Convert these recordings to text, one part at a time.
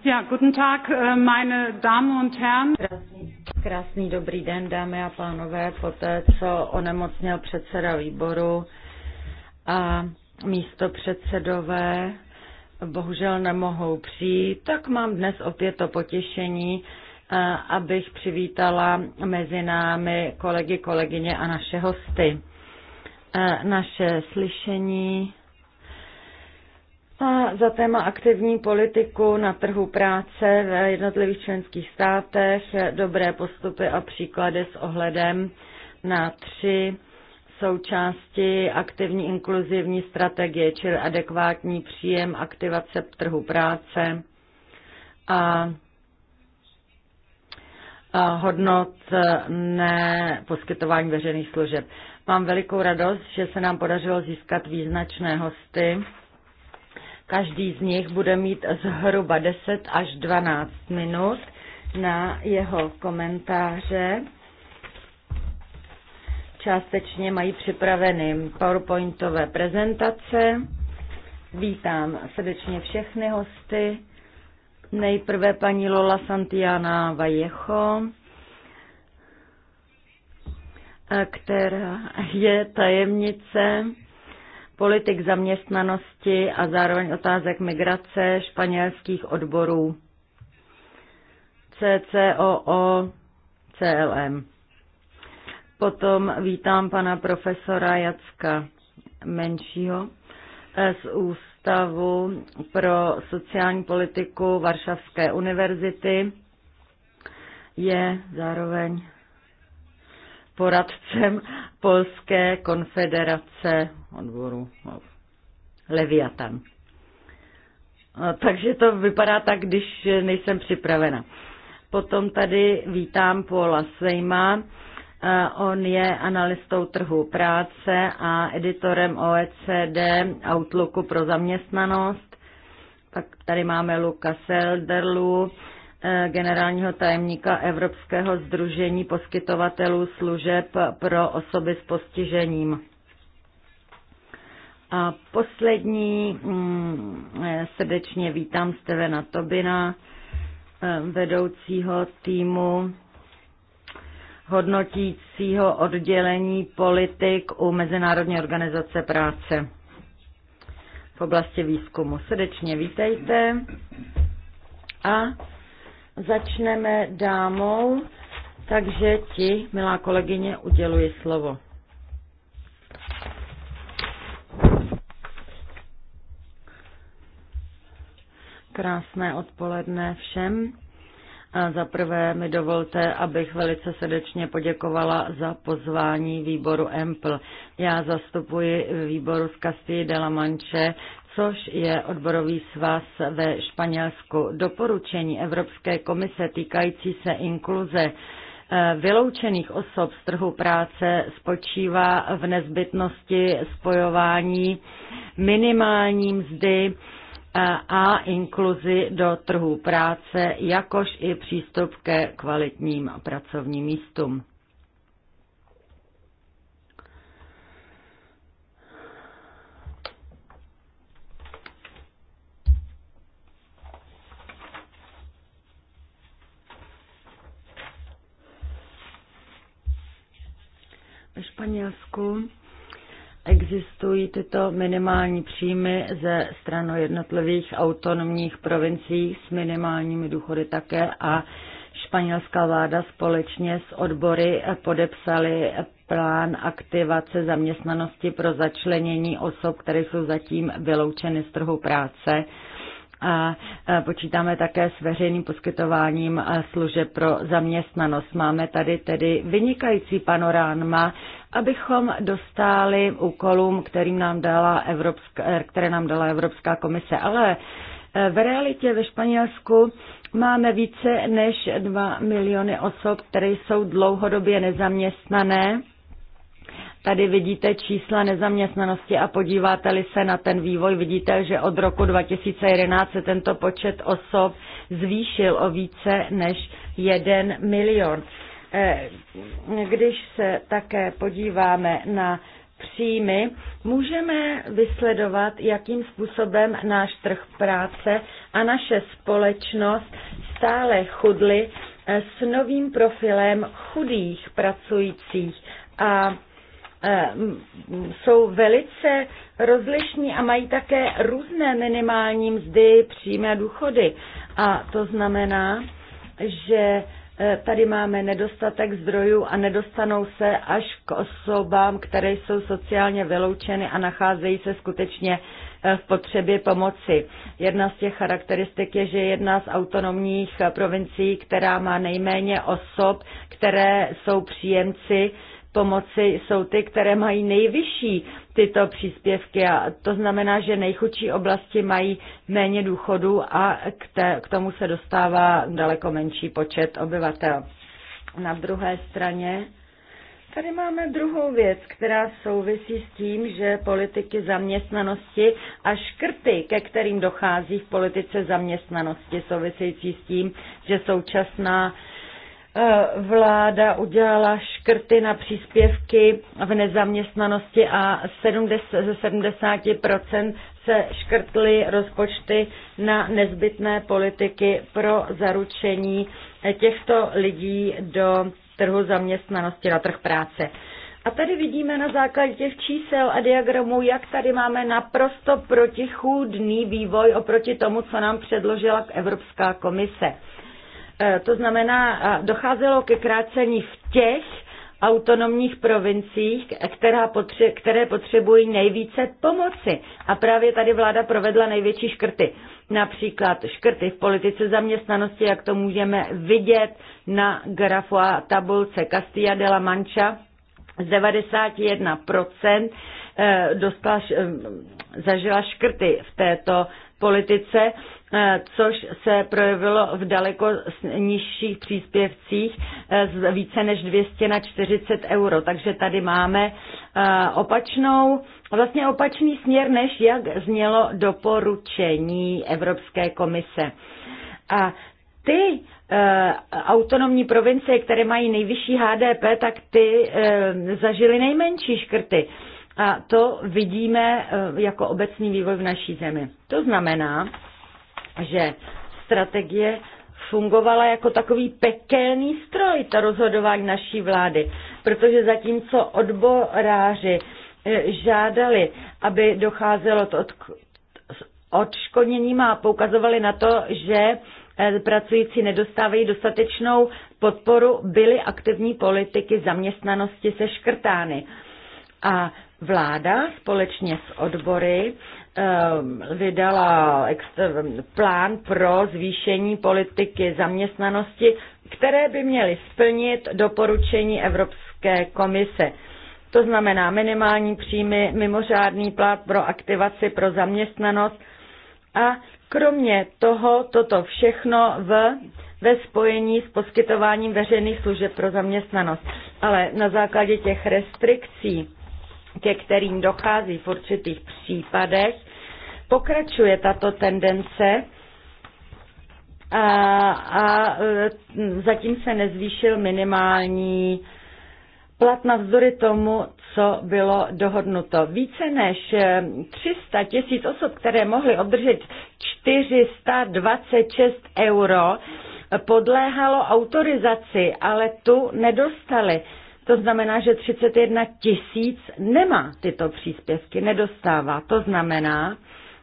Ja, guten Tag, äh, meine Damen und Herren. Krásný, dobrý den, dámy a pánové, Po té, co onemocnil předseda výboru a místo předsedové bohužel nemohou přijít, tak mám dnes opět to potěšení, eh, abych přivítala mezi námi kolegy, kolegyně a naše hosty. Eh, naše slyšení a za téma aktivní politiku na trhu práce v jednotlivých členských státech, dobré postupy a příklady s ohledem na tři součásti aktivní inkluzivní strategie, čili adekvátní příjem, aktivace trhu práce a hodnot ne poskytování veřejných služeb. Mám velikou radost, že se nám podařilo získat význačné hosty Každý z nich bude mít zhruba 10 až 12 minut na jeho komentáře. Částečně mají připraveny PowerPointové prezentace. Vítám srdečně všechny hosty. Nejprve paní Lola Santiana Vallejo, která je tajemnice politik zaměstnanosti a zároveň otázek migrace španělských odborů CCOO CLM. Potom vítám pana profesora Jacka Menšího eh, z Ústavu pro sociální politiku Varšavské univerzity. Je zároveň poradcem Polské konfederace odboru Leviatan. Takže to vypadá tak, když nejsem připravena. Potom tady vítám Paula Svejma. On je analystou trhu práce a editorem OECD Outlooku pro zaměstnanost. Pak tady máme Luka Selderlu, Eh, generálního tajemníka Evropského združení poskytovatelů služeb pro osoby s postižením. A poslední mm, eh, srdečně vítám Stevena Tobina, eh, vedoucího týmu hodnotícího oddělení politik u Mezinárodní organizace práce v oblasti výzkumu. Srdečně vítejte a Začneme dámou, takže ti, milá kolegyně, uděluji slovo. Krásné odpoledne všem. Za prvé mi dovolte, abych velice srdečně poděkovala za pozvání výboru EMPL. Já zastupuji výboru z Castille de la Manche, což je odborový svaz ve Španělsku. Doporučení Evropské komise týkající se inkluze eh, vyloučených osob z trhu práce spočívá v nezbytnosti spojování minimální mzdy eh, a inkluzi do trhu práce, jakož i přístup ke kvalitním pracovním místům. Ve Španělsku existují tyto minimální příjmy ze stranu jednotlivých autonomních provincií s minimálními důchody také a španělská vláda společně s odbory podepsali plán aktivace zaměstnanosti pro začlenění osob, které jsou zatím vyloučeny z trhu práce a počítáme také s veřejným poskytováním služeb pro zaměstnanost. Máme tady tedy vynikající panoráma, abychom dostali úkolům, kterým nám dala Evropská, které nám dala Evropská komise. Ale e, v realitě ve Španělsku máme více než 2 miliony osob, které jsou dlouhodobě nezaměstnané Tady vidíte čísla nezaměstnanosti a podíváte-li se na ten vývoj, vidíte, že od roku 2011 se tento počet osob zvýšil o více než 1 milion. Eh, když se také podíváme na příjmy, můžeme vysledovat, jakým způsobem náš trh práce a naše společnost stále chudly eh, s novým profilem chudých pracujících a Eh, jsou velice rozlišní a mají také různé minimální mzdy, příjmy a důchody. A to znamená, že eh, tady máme nedostatek zdrojů a nedostanou se až k osobám, které jsou sociálně vyloučeny a nacházejí se skutečně eh, v potřebě pomoci. Jedna z těch charakteristik je, že jedna z autonomních provincií, která má nejméně osob, které jsou příjemci pomoci jsou ty, které mají nejvyšší tyto příspěvky a to znamená, že nejchudší oblasti mají méně důchodů a k, te, k tomu se dostává daleko menší počet obyvatel. Na druhé straně Tady máme druhou věc, která souvisí s tím, že politiky zaměstnanosti a škrty, ke kterým dochází v politice zaměstnanosti, souvisí s tím, že současná Eh, vláda udělala škrty na příspěvky v nezaměstnanosti a 70, ze 70% se škrtly rozpočty na nezbytné politiky pro zaručení těchto lidí do trhu zaměstnanosti, na trh práce. A tady vidíme na základě těch čísel a diagramů, jak tady máme naprosto protichůdný vývoj oproti tomu, co nám předložila Evropská komise. E, to znamená, docházelo ke krácení v těch autonomních provinciích, která potře- které potřebují nejvíce pomoci. A právě tady vláda provedla největší škrty. Například škrty v politice zaměstnanosti, jak to můžeme vidět na grafu a tabulce Castilla de la Mancha, z 91% e, dostala, e, zažila škrty v této politice Eh, což se projevilo v daleko nižších příspěvcích eh, z více než 200 na 40 euro. Takže tady máme eh, opačnou, vlastně opačný směr, než jak znělo doporučení Evropské komise. A ty autonomní provincie, které mají nejvyšší HDP, tak ty zažily nejmenší škrty. A to vidíme jako obecný vývoj v naší zemi. To znamená, že strategie fungovala jako takový pekelný stroj, ta rozhodování naší vlády, protože zatímco odboráři eh, žádali, aby docházelo od odškodněním a poukazovali na to, že eh, pracující nedostávají dostatečnou podporu, byly aktivní politiky zaměstnanosti seškrtány. A vláda společně s odbory Ehm, vydala plán pro zvýšení politiky zaměstnanosti, které by měly splnit doporučení Evropské komise. To znamená minimální příjmy, mimořádný plat pro aktivaci pro zaměstnanost a kromě toho toto všechno v, ve spojení s poskytováním veřejných služeb pro zaměstnanost. Ale na základě těch restrikcí ke kterým dochází v určitých případech, pokračuje tato tendence a, a e, zatím se nezvýšil minimální plat navzdory tomu, co bylo dohodnuto. Více než 300 e, tisíc osob, které mohly obdržet 426 euro, podléhalo autorizaci, ale tu nedostali. To znamená, že 31 tisíc nemá tyto příspěvky, nedostává. To znamená,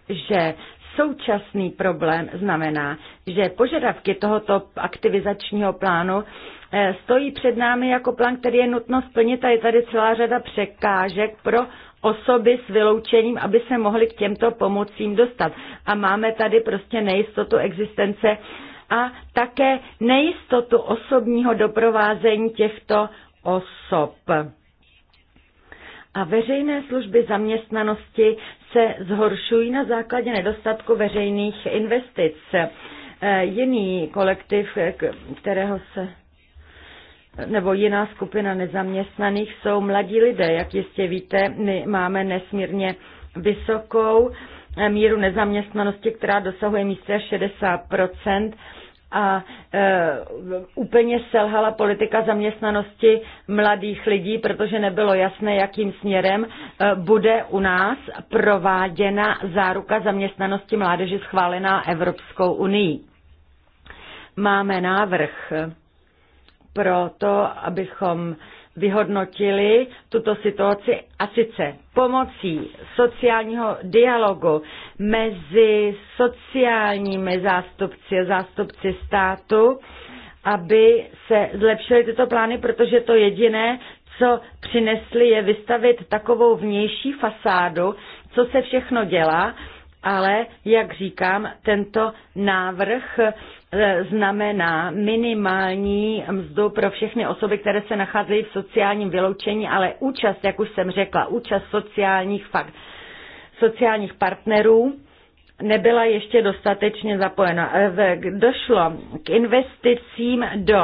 že současný problém znamená, že požadavky tohoto aktivizačního plánu eh, stojí před námi jako plán, který je nutno splnit a je tady celá řada překážek pro osoby s vyloučením, aby se mohly k těmto pomocím dostat. A máme tady prostě nejistotu existence a také nejistotu osobního doprovázení těchto osob. A veřejné služby zaměstnanosti se zhoršují na základě nedostatku veřejných investic. E, jiný kolektiv, kterého se nebo jiná skupina nezaměstnaných jsou mladí lidé. Jak jistě víte, my máme nesmírně vysokou e, míru nezaměstnanosti, která dosahuje místě 60 a e, úplně selhala politika zaměstnanosti mladých lidí, protože nebylo jasné, jakým směrem e, bude u nás prováděna záruka zaměstnanosti mládeže schválená Evropskou unii. Máme návrh pro to, abychom e, vyhodnotili tuto situaci a sice pomocí sociálního dialogu mezi sociálními zástupci a zástupci státu, aby se zlepšily tyto plány, protože to jediné, co přinesli, je vystavit takovou vnější fasádu, co se všechno dělá, ale, jak říkám, tento návrh E, znamená minimální mzdu pro všechny osoby, které se nacházejí v sociálním vyloučení, ale účast, jak už jsem řekla, účast sociálních, fakt, sociálních partnerů nebyla ještě dostatečně zapojena. E, došlo k investicím do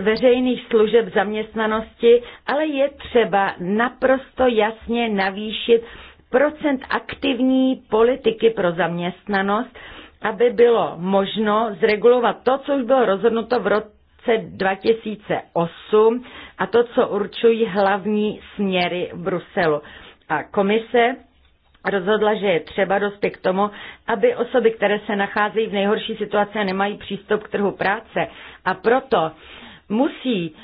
veřejných služeb zaměstnanosti, ale je třeba naprosto jasně navýšit procent aktivní politiky pro zaměstnanost, aby bylo možno zregulovat to, co už bylo rozhodnuto v roce 2008 a to, co určují hlavní směry v Bruselu. A komise rozhodla, že je třeba dospět k tomu, aby osoby, které se nacházejí v nejhorší situaci a nemají přístup k trhu práce a proto musí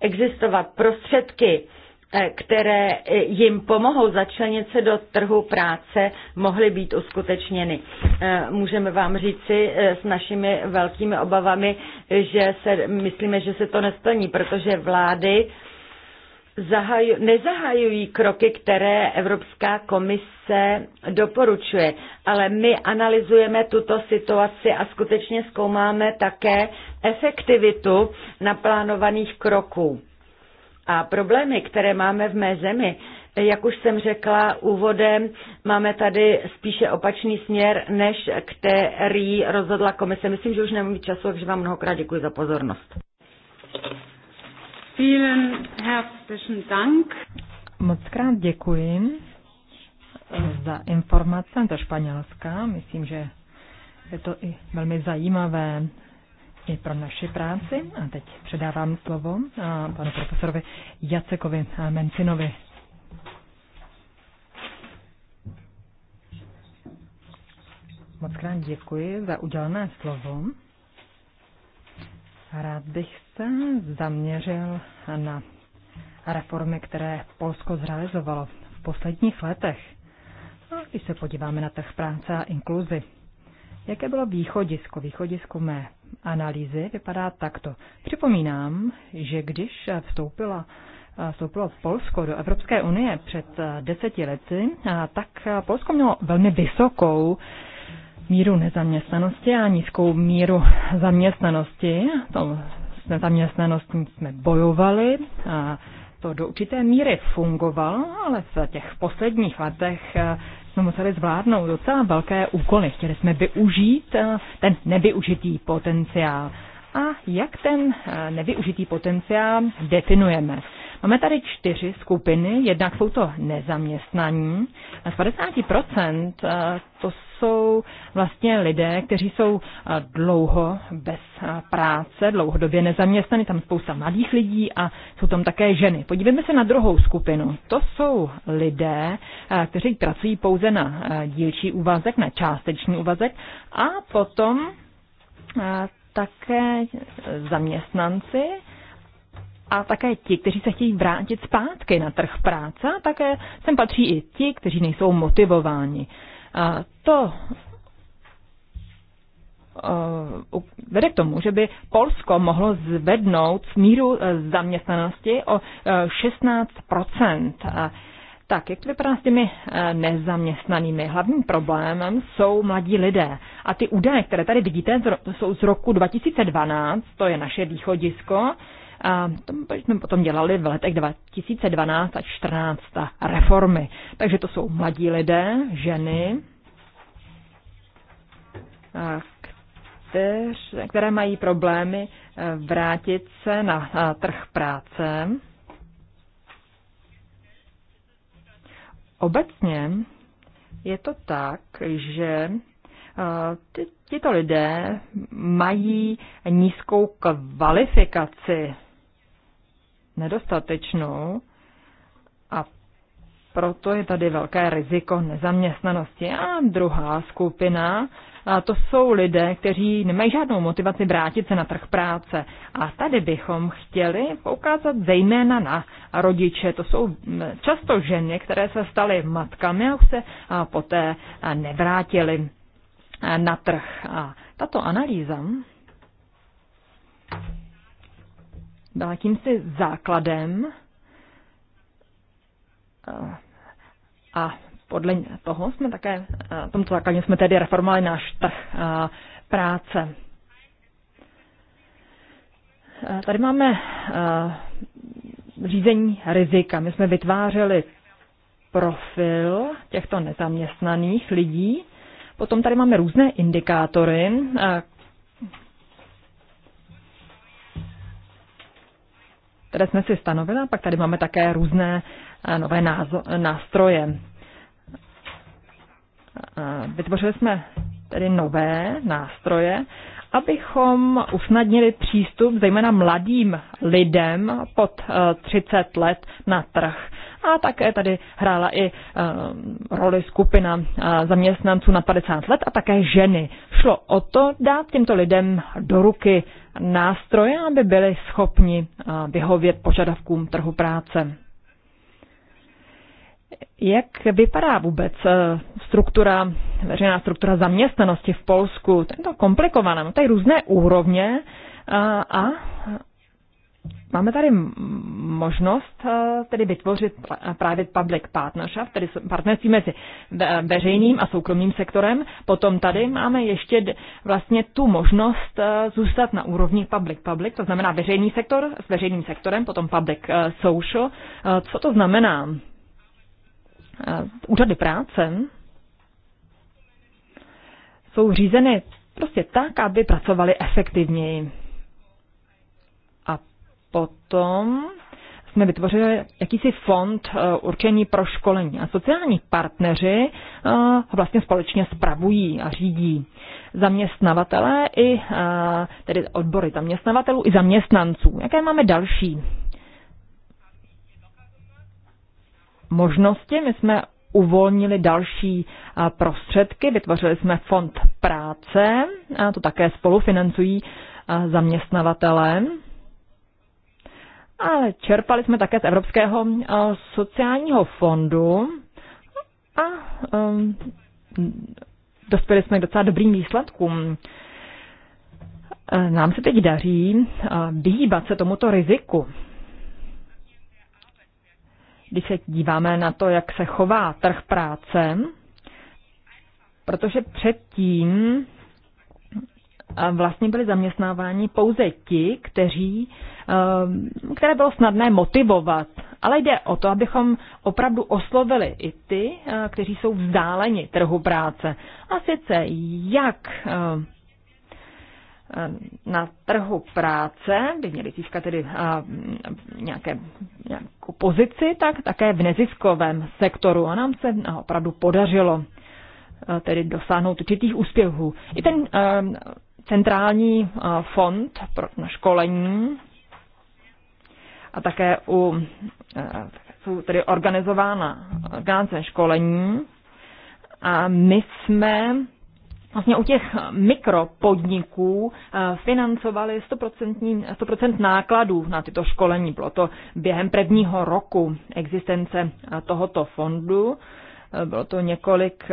existovat prostředky, Eh, které eh, jim pomohou začlenit se do trhu práce, mohly být uskutečněny. Eh, můžeme vám říci s našimi velkými obavami, že se, myslíme, že se to nesplní, protože vlády zahaju, nezahajují kroky, které Evropská komise doporučuje, ale my analyzujeme tuto situaci a skutečně zkoumáme také efektivitu naplánovaných kroků a problémy, které máme v mé zemi, jak už jsem řekla úvodem, máme tady spíše opačný směr, než který rozhodla komise. Myslím, že už nemám víc času, takže vám mnohokrát děkuji za pozornost. Vielen herzlichen Dank. Moc krát děkuji za informace ta Španělska. Myslím, že je to i velmi zajímavé i pro naši práci. A teď předávám slovo panu profesorovi Jacekovi Mencinovi. Moc krát děkuji za udělané slovo. Rád bych se zaměřil na reformy, které Polsko zrealizovalo v posledních letech. A když se podíváme na trh práce a inkluzi, jaké bylo východisko, východisko mé analýzy vypadá takto. Připomínám, že když vstoupila vstoupilo Polsko do Evropské unie před eh, deseti lety, eh, tak eh, Polsko mělo velmi vysokou míru nezaměstnanosti a nízkou míru zaměstnanosti. To s nezaměstnaností jsme bojovali a to do určité míry fungovalo, ale v těch posledních letech jsme museli zvládnout docela velké úkoly. Chtěli jsme využít eh, ten nevyužitý potenciál. A jak ten eh, nevyužitý potenciál definujeme? Máme tady čtyři skupiny, jednak jsou to nezaměstnaní. z 50% eh, to jsou vlastně lidé, kteří jsou eh, dlouho bez eh, práce, dlouhodobě nezaměstnaní, tam spousta mladých lidí a jsou tam také ženy. Podívejme se na druhou skupinu. To jsou lidé, kteří pracují pouze na dílčí úvazek, na částečný úvazek a potom také zaměstnanci, a také ti, kteří se chtějí vrátit zpátky na trh práce, a také sem patří i ti, kteří nejsou motivováni. A to vede k tomu, že by Polsko mohlo zvednout míru e, zaměstnanosti o 16 e, tak, jak to vypadá s těmi e, nezaměstnanými? Hlavním problémem jsou mladí lidé. A ty údaje, které tady vidíte, jsou z roku 2012, to je naše východisko, a to jsme potom dělali v letech 2012 až 2014 reformy. Takže to jsou mladí lidé, ženy, které mají problémy e, vrátit se na trh práce. Obecně je to tak, že e, tyto lidé mají nízkou kvalifikaci nedostatečnou a proto je tady velké riziko nezaměstnanosti. A druhá skupina, a to jsou lidé, kteří nemají žádnou motivaci vrátit se na trh práce. A tady bychom chtěli poukázat zejména na rodiče. To jsou často ženy, které se staly matkami a už se poté nevrátily na trh. A tato analýza byla no jakýmsi základem eh, a podle toho jsme také, eh, tomto základě jsme tedy reformovali náš trh eh, práce. Tady máme řízení rizika. My jsme vytvářeli profil těchto nezaměstnaných lidí. Potom tady máme různé indikátory, které jsme si stanovili. A pak tady máme také různé eh, nové nástroje. Eh, vytvořili jsme tedy nové nástroje, abychom usnadnili přístup zejména mladým lidem pod 30 eh, let na trh a také tady hrála i ehm, roli skupina eh, zaměstnanců na 50 let a také ženy. Šlo o to dát těmto lidem do ruky nástroje, aby byli schopni eh, vyhovět požadavkům trhu práce. Jak vypadá vůbec eh, struktura, veřejná struktura zaměstnanosti v Polsku? To je to komplikované, no, tady různé úrovně a Máme tady možnost eh, tedy vytvořit právě public partnership, tedy partnerství mezi veřejným a soukromým sektorem. Potom tady máme ještě vlastně tu možnost eh, zůstat na úrovni public-public, to znamená veřejný sektor s veřejným sektorem, potom public eh, social. Co to znamená? Úřady práce jsou řízeny prostě tak, aby pracovali efektivněji potom jsme vytvořili jakýsi fond eh, určení pro školení a sociální partneři ho eh, vlastně společně spravují a řídí zaměstnavatele i eh, tedy odbory zaměstnavatelů i zaměstnanců. Jaké máme další možnosti? My jsme uvolnili další prostředky, vytvořili jsme fond práce, a to také spolufinancují zaměstnavatelem ale čerpali jsme také z Evropského eh, sociálního fondu a um, dospěli jsme k docela dobrým výsledkům. Eh, nám se teď daří eh, vyhýbat se tomuto riziku. Když se díváme na to, jak se chová trh práce, protože předtím vlastně byli zaměstnáváni pouze ti, kteří, ehm, které bylo snadné motivovat. Ale jde o to, abychom opravdu oslovili i ty, eh, kteří jsou vzdáleni trhu práce. A sice jak ehm, na trhu práce by měli získat tedy ehm, nějaké, nějakou pozici, tak také v neziskovém sektoru. A nám se eh, opravdu podařilo eh, tedy dosáhnout určitých úspěchů. I ten centrální eh, fond pro školení a také u, eh, jsou tedy organizována organizace školení a my jsme vlastně u těch mikropodniků eh, financovali 100%, 100% nákladů na tyto školení. Bylo to během prvního roku existence tohoto fondu. Bylo to několik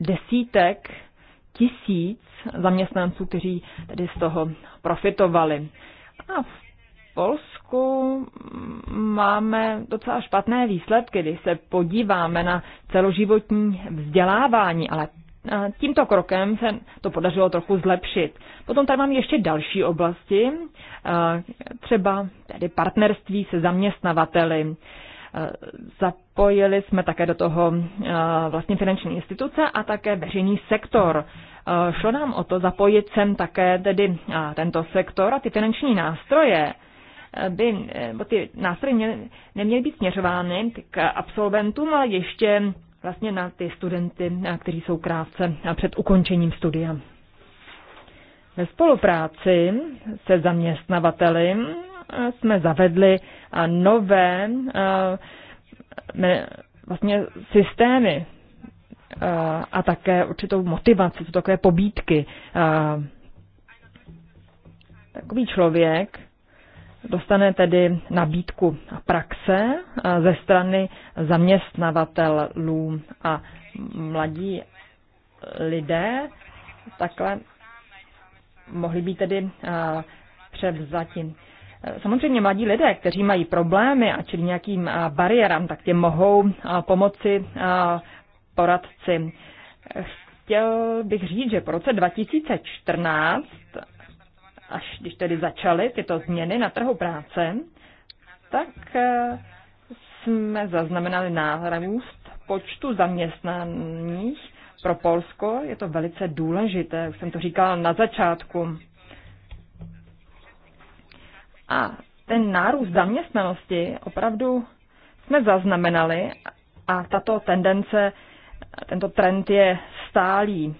desítek tisíc zaměstnanců, kteří tedy z toho profitovali. A v Polsku mm, máme docela špatné výsledky, když se podíváme na celoživotní vzdělávání, ale e, tímto krokem se to podařilo trochu zlepšit. Potom tady mám ještě další oblasti, e, třeba tedy partnerství se zaměstnavateli. Zapojili jsme také do toho eh, vlastně finanční instituce a také veřejný sektor. Eh, šlo nám o to zapojit sem také tedy eh, tento sektor a ty finanční nástroje by, bo ty nástroje měly, neměly být směřovány k absolventům, ale ještě vlastně na ty studenty, kteří jsou krátce před ukončením studia. Ve spolupráci se zaměstnavateli jsme zavedli nové vlastně systémy a také určitou motivaci, to takové pobídky. Takový člověk dostane tedy nabídku praxe ze strany zaměstnavatelů a mladí lidé takhle mohli být tedy převzati Samozřejmě mladí lidé, kteří mají problémy a čili nějakým bariérám, tak tě mohou pomoci poradci. Chtěl bych říct, že po roce 2014, až když tedy začaly tyto změny na trhu práce, tak e, jsme zaznamenali nárůst počtu zaměstnaných pro Polsko. Je to velice důležité, už jsem to říkala na začátku. A ten nárůst zaměstnanosti opravdu jsme zaznamenali a tato tendence, tento trend je stálý.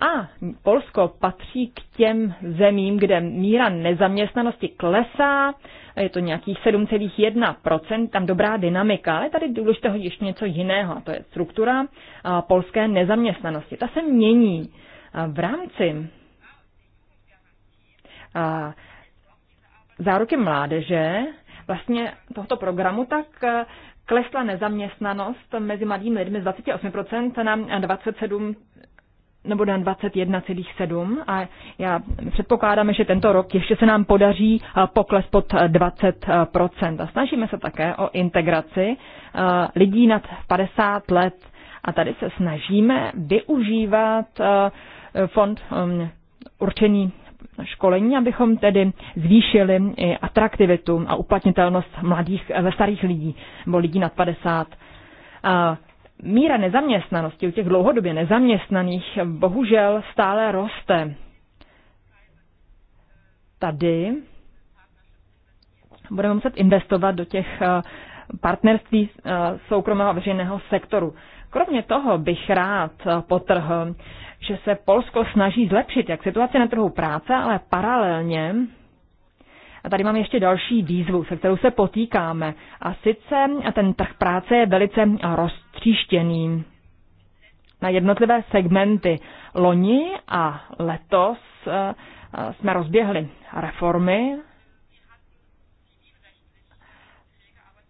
A Polsko patří k těm zemím, kde míra nezaměstnanosti klesá, je to nějakých 7,1%, tam dobrá dynamika, ale tady důležitého ještě něco jiného, a to je struktura polské nezaměstnanosti. Ta se mění. V rámci záruky mládeže, vlastně tohoto programu, tak eh, klesla nezaměstnanost mezi mladými lidmi z 28% na 27 nebo na 21,7 a já předpokládáme, že tento rok ještě se nám podaří eh, pokles pod 20%. Eh, a snažíme se také o integraci lidí nad 50 let a tady se snažíme využívat fond ehm, určený školení, abychom tedy zvýšili i eh, atraktivitu a uplatnitelnost mladých, eh, ve starých lidí nebo lidí nad 50. A míra nezaměstnanosti u těch dlouhodobě nezaměstnaných eh, bohužel stále roste. Tady budeme muset investovat do těch partnerství soukromého a veřejného sektoru. Kromě toho bych rád potrhl, že se Polsko snaží zlepšit jak situaci na trhu práce, ale paralelně a tady mám ještě další výzvu, se kterou se potýkáme. A sice ten trh práce je velice roztříštěný na jednotlivé segmenty. Loni a letos eh, eh, jsme rozběhli reformy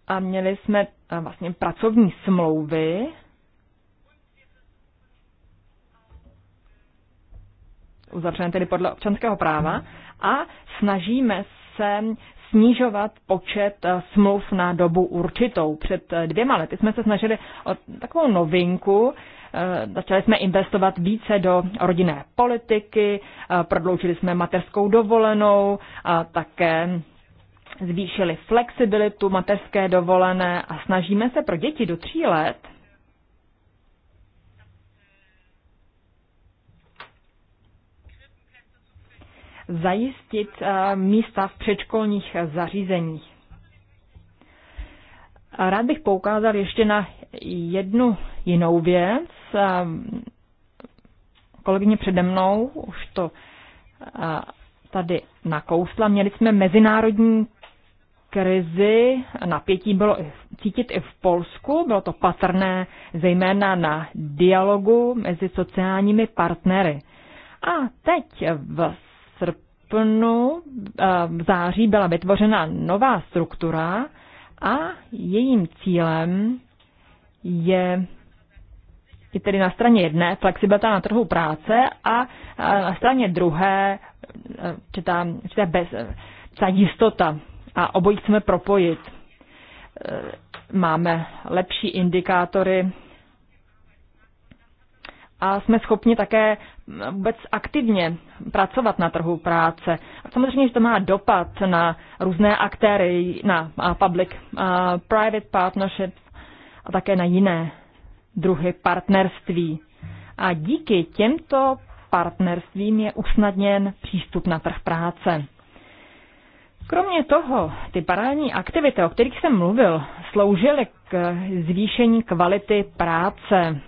a měli jsme eh, vlastně pracovní smlouvy, uzavřené tedy podle občanského práva, a snažíme se snižovat počet eh, smluv na dobu určitou. Před eh, dvěma lety jsme se snažili o takovou novinku, eh, začali jsme investovat více do rodinné politiky, prodloužili jsme materskou dovolenou a také zvýšili flexibilitu mateřské dovolené a snažíme se pro děti do tří let zajistit eh, místa v předškolních zařízeních. Rád bych poukázal ještě na jednu jinou věc. Eh, kolegyně přede mnou už to eh, tady nakousla. Měli jsme mezinárodní krizi, napětí bylo cítit i v Polsku, bylo to patrné zejména na dialogu mezi sociálními partnery. A teď v srpnu, eh, v září byla vytvořena nová struktura a jejím cílem je i tedy na straně jedné flexibilita na trhu práce a eh, na straně druhé eh, určitá, určitá, bez, ta jistota. A obojí chceme propojit. Máme lepší indikátory a jsme schopni také vůbec aktivně pracovat na trhu práce. A samozřejmě, že to má dopad na různé aktéry, na public-private partnerships a také na jiné druhy partnerství. A díky těmto partnerstvím je usnadněn přístup na trh práce. Kromě toho, ty paralelní aktivity, o kterých jsem mluvil, sloužily k zvýšení kvality práce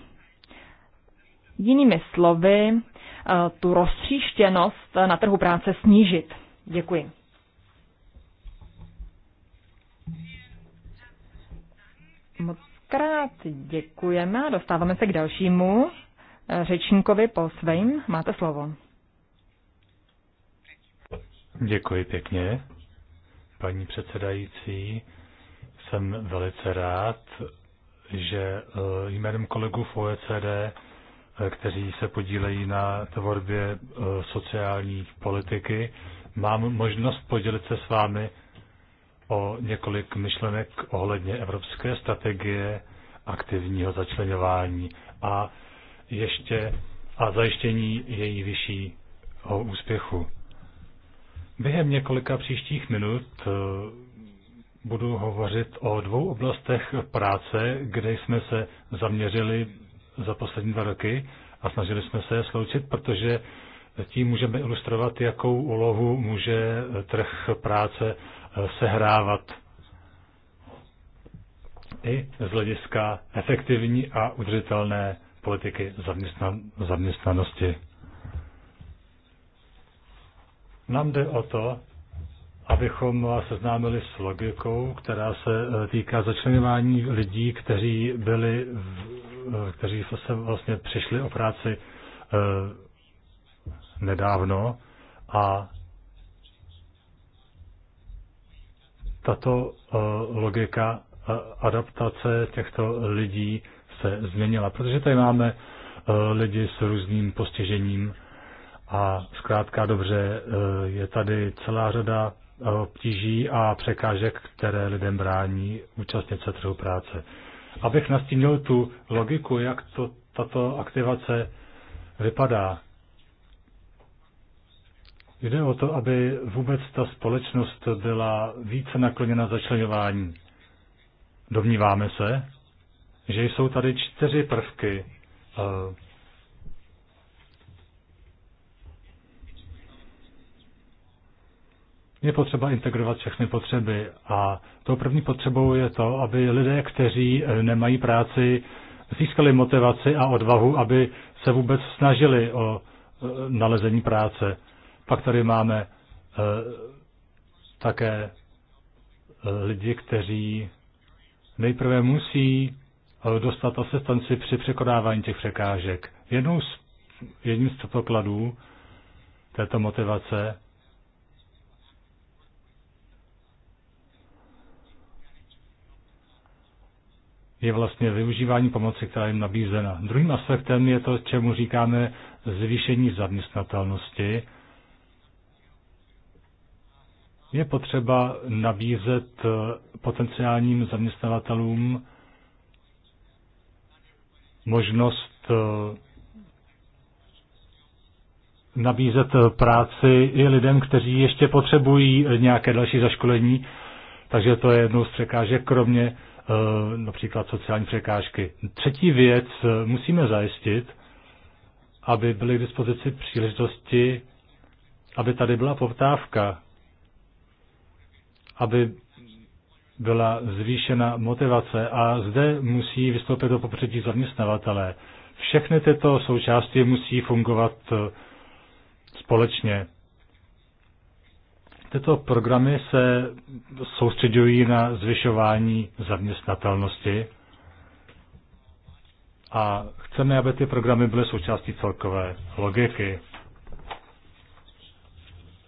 Jinými slovy, eh, tu rozstříštěnost na trhu práce snížit. Děkuji. Moc krát děkujeme a dostáváme se k dalšímu eh, řečníkovi po svým. Máte slovo. Děkuji pěkně, paní předsedající. Jsem velice rád, že eh, jménem kolegů v OECD kteří se podílejí na tvorbě eh, sociální politiky. Mám možnost podělit se s vámi o několik myšlenek ohledně evropské strategie aktivního začlenování a ještě a zajištění její vyššího úspěchu. Během několika příštích minut eh, budu hovořit o dvou oblastech práce, kde jsme se zaměřili za poslední dva roky a snažili jsme se je sloučit, protože tím můžeme ilustrovat, jakou úlohu může trh práce sehrávat i z hlediska efektivní a udržitelné politiky zaměstnan zaměstnanosti. Nám jde o to, abychom vás seznámili s logikou, která se týká začlenování lidí, kteří byli Eh, kteří se vlastně přišli o práci eh, nedávno a tato eh, logika adaptace těchto lidí se změnila, protože tady máme lidi s různým postižením a zkrátka dobře je tady celá řada obtíží a překážek, které lidem brání účastnit se trhu práce. Abych nastínil tu logiku, jak to, tato aktivace vypadá. Jde o to, aby vůbec ta společnost byla více nakloněna začlenování. Domníváme se, že jsou tady čtyři prvky eh, je potřeba integrovat všechny potřeby. A tou první potřebou je to, aby lidé, kteří eh, nemají práci, získali motivaci a odvahu, aby se vůbec snažili o eh, nalezení práce. Pak tady máme eh, také lidi, kteří nejprve musí dostat asistenci při překonávání těch překážek. Jednou z, jedním z předpokladů této motivace je vlastně využívání pomoci, která jim nabízena. Druhým aspektem je to, čemu říkáme zvýšení zaměstnatelnosti. Je potřeba nabízet eh, potenciálním zaměstnavatelům možnost eh, nabízet eh, práci i lidem, kteří ještě potřebují nějaké další zaškolení, takže to je jednou z překážek, kromě Eh, například sociální překážky. Třetí věc, eh, musíme zajistit, aby byly k dispozici příležitosti, aby tady byla poptávka, aby byla zvýšena motivace a zde musí vystoupit do popředí zaměstnavatelé. Všechny tyto součásti musí fungovat eh, společně. Tyto programy se soustředují na zvyšování zaměstnatelnosti a chceme, aby ty programy byly součástí celkové logiky.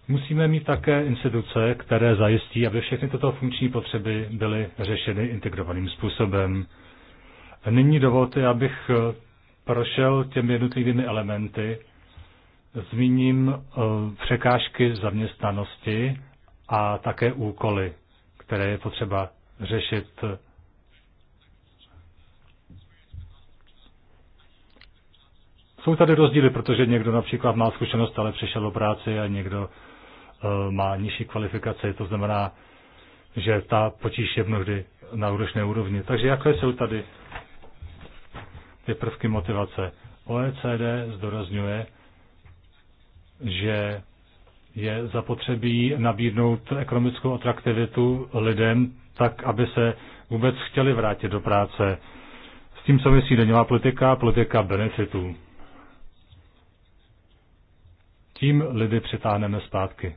Musíme mít také instituce, které zajistí, aby všechny tyto funkční potřeby byly řešeny integrovaným způsobem. Nyní dovolte, abych prošel těmi jednotlivými elementy Zmíním eh, překážky zaměstnanosti a také úkoly, které je potřeba řešit. Jsou tady rozdíly, protože někdo například má zkušenost, ale přišel do práci a někdo eh, má nižší kvalifikaci. To znamená, že ta potíž je mnohdy na úročné úrovni. Takže jaké jsou tady ty prvky motivace? OECD zdorazňuje, že je zapotřebí nabídnout ekonomickou atraktivitu lidem tak, aby se vůbec chtěli vrátit do práce. S tím souvisí daňová politika a politika benefitů. Tím lidi přitáhneme zpátky.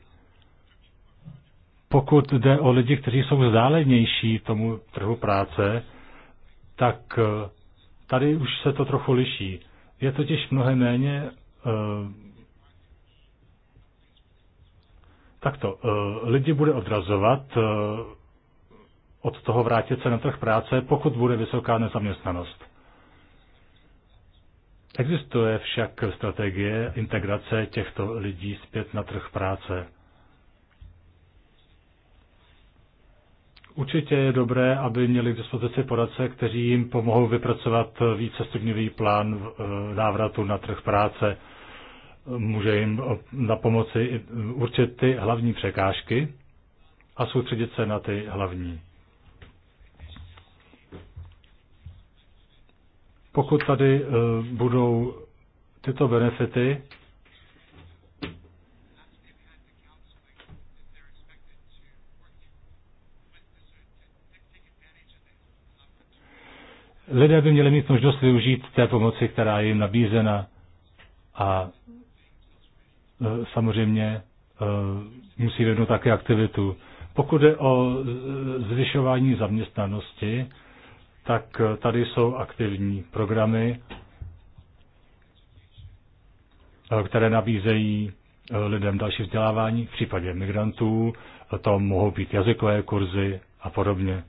Pokud jde o lidi, kteří jsou vzdálenější tomu trhu práce, tak eh, tady už se to trochu liší. Je totiž mnohem méně eh, takto, eh, lidi bude odrazovat eh, od toho vrátit se na trh práce, pokud bude vysoká nezaměstnanost. Existuje však strategie integrace těchto lidí zpět na trh práce. Určitě je dobré, aby měli k dispozici poradce, kteří jim pomohou vypracovat vícestupňový plán eh, návratu na trh práce může jim na pomoci určit ty hlavní překážky a soustředit se na ty hlavní. Pokud tady eh, budou tyto benefity, lidé by měli mít možnost využít té pomoci, která je jim nabízena a Eh, samozřejmě eh, musí vyvinout také aktivitu. Pokud je o eh, zvyšování zaměstnanosti, tak tady jsou aktivní programy, které nabízejí lidem další vzdělávání. V případě migrantů to mohou být jazykové kurzy a podobně.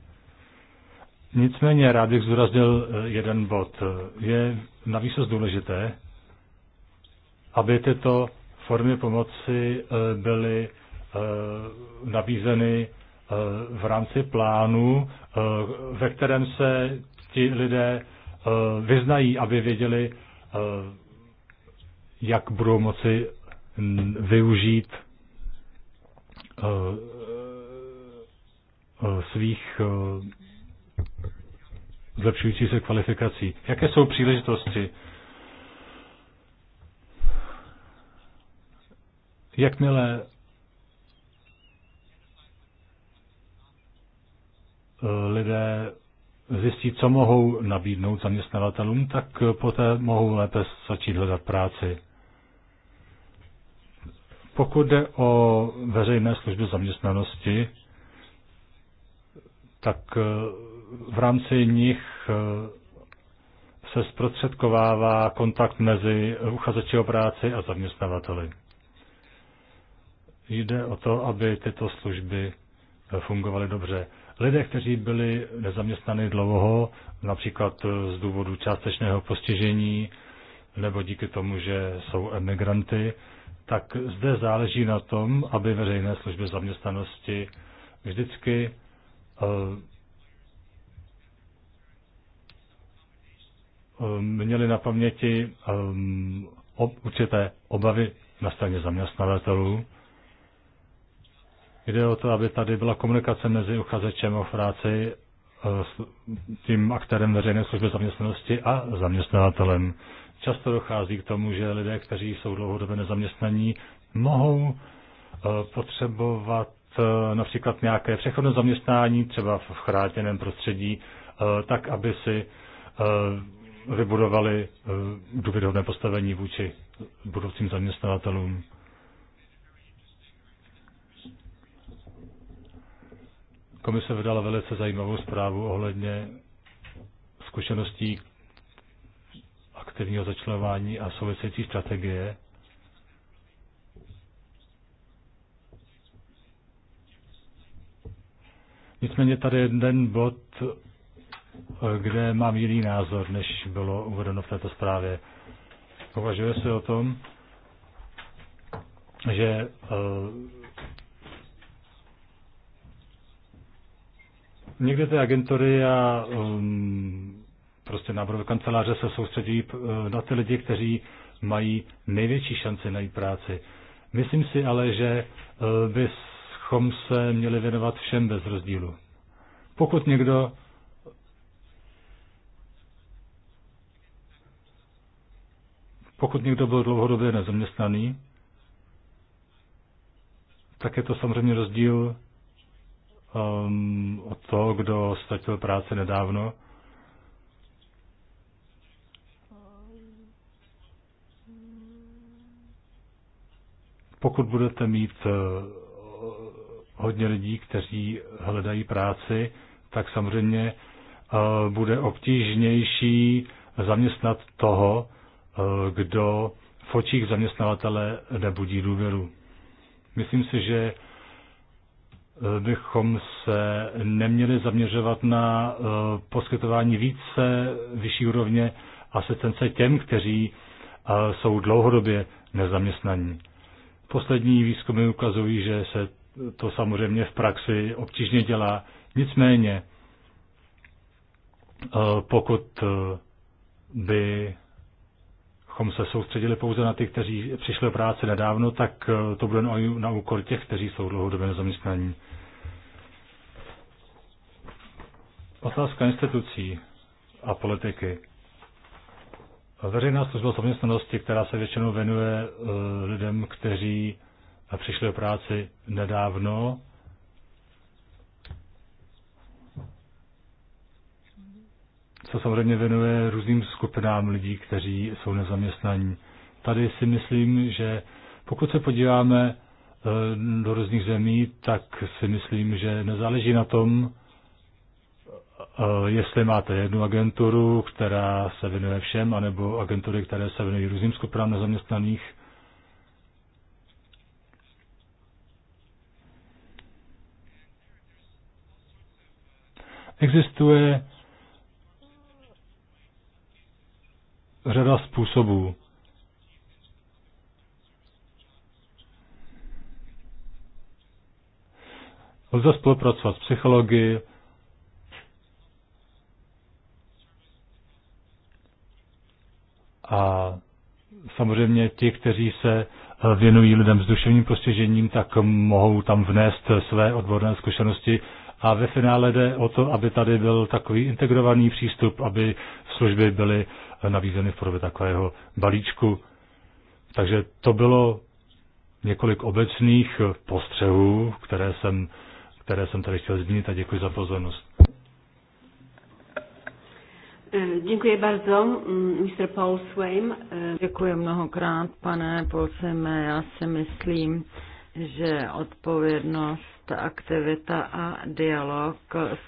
Nicméně rád bych zdůraznil jeden bod. Je navíc důležité, aby tyto formy pomoci eh, byly eh, nabízeny eh, v rámci plánu, ve kterém se ti lidé vyznají, aby věděli, jak budou moci mm, využít svých zlepšující se kvalifikací. Jaké jsou příležitosti? Jakmile lidé zjistí, co mohou nabídnout zaměstnavatelům, tak poté mohou lépe začít hledat práci. Pokud jde o veřejné služby zaměstnanosti, tak eh, v rámci nich eh, se zprostředkovává kontakt mezi uchazeči o práci a zaměstnavateli. Jde o to, aby tyto služby eh, fungovaly dobře. Lidé, kteří byli nezaměstnaní dlouho, například eh, z důvodu částečného postižení nebo díky tomu, že jsou emigranty, tak zde záleží na tom, aby veřejné služby zaměstnanosti vždycky eh, měly na paměti určité obavy na straně zaměstnavatelů Jde o to, aby tady byla komunikace mezi uchazečem o práci, e, tím aktérem veřejné služby zaměstnanosti a zaměstnavatelem. Často dochází k tomu, že lidé, kteří jsou dlouhodobě nezaměstnaní, mohou e, potřebovat e, například nějaké přechodné zaměstnání, třeba v chráněném prostředí, tak, aby si vybudovali důvěryhodné postavení vůči budoucím zaměstnavatelům. Komise vydala velice zajímavou zprávu ohledně zkušeností aktivního začlenování a související strategie. Nicméně tady jeden bod, kde mám jiný názor, než bylo uvedeno v této zprávě. Považuje se o tom, že eh, Někdy ty agentury a um, prostě náborové kanceláře se soustředí uh, na ty lidi, kteří mají největší šanci najít práci. Myslím si ale, že uh, bychom se měli věnovat všem bez rozdílu. Pokud někdo pokud někdo byl dlouhodobě nezaměstnaný, tak je to samozřejmě rozdíl um, od toho, kdo ztratil práci nedávno. Pokud budete mít uh, hodně lidí, kteří hledají práci, tak samozřejmě uh, bude obtížnější zaměstnat toho, uh, kdo v očích zaměstnavatele nebudí důvěru. Myslím si, že bychom se neměli zaměřovat na eh, poskytování více vyšší úrovně asistence těm, kteří eh, jsou dlouhodobě nezaměstnaní. Poslední výzkumy ukazují, že se to samozřejmě v praxi obtížně dělá. Nicméně, eh, pokud by bychom se soustředili pouze na ty, kteří přišli o práci nedávno, tak eh, to bude na úkor těch, kteří jsou dlouhodobě nezaměstnaní. Otázka institucí a politiky. Veřejná služba zaměstnanosti, která se většinou venuje eh, lidem, kteří přišli o práci nedávno, se samozřejmě věnuje různým skupinám lidí, kteří jsou nezaměstnaní. Tady si myslím, že pokud se podíváme eh, do různých zemí, tak si myslím, že nezáleží na tom, eh, jestli máte jednu agenturu, která se věnuje všem, anebo agentury, které se věnují různým skupinám nezaměstnaných. Existuje řada způsobů. Lze spolupracovat s psychologi, a samozřejmě ti, kteří se eh, věnují lidem s duševním postižením, tak mohou tam vnést své odborné zkušenosti a ve finále jde o to, aby tady byl takový integrovaný přístup, aby služby byly nabízeny v podobě takového balíčku. Takže to bylo několik obecných postřehů, které jsem, které jsem tady chtěl zmínit a děkuji za pozornost. Eh, děkuji bardzo, Mr. Mm, Paul Swain. Eh, děkuji mnohokrát, pane Polseme. Já si myslím, že odpovědnost, aktivita a dialog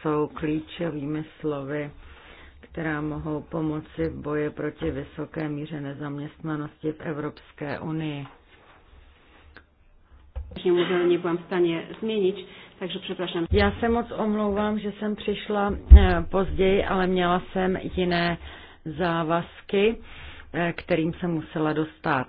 jsou klíčovými slovy která mohou pomoci v boji proti vysoké míře nezaměstnanosti v Evropské unii. Vlastně změnit, takže Já se moc omlouvám, že jsem přišla eh, později, ale měla jsem jiné závazky, eh, kterým jsem musela dostat.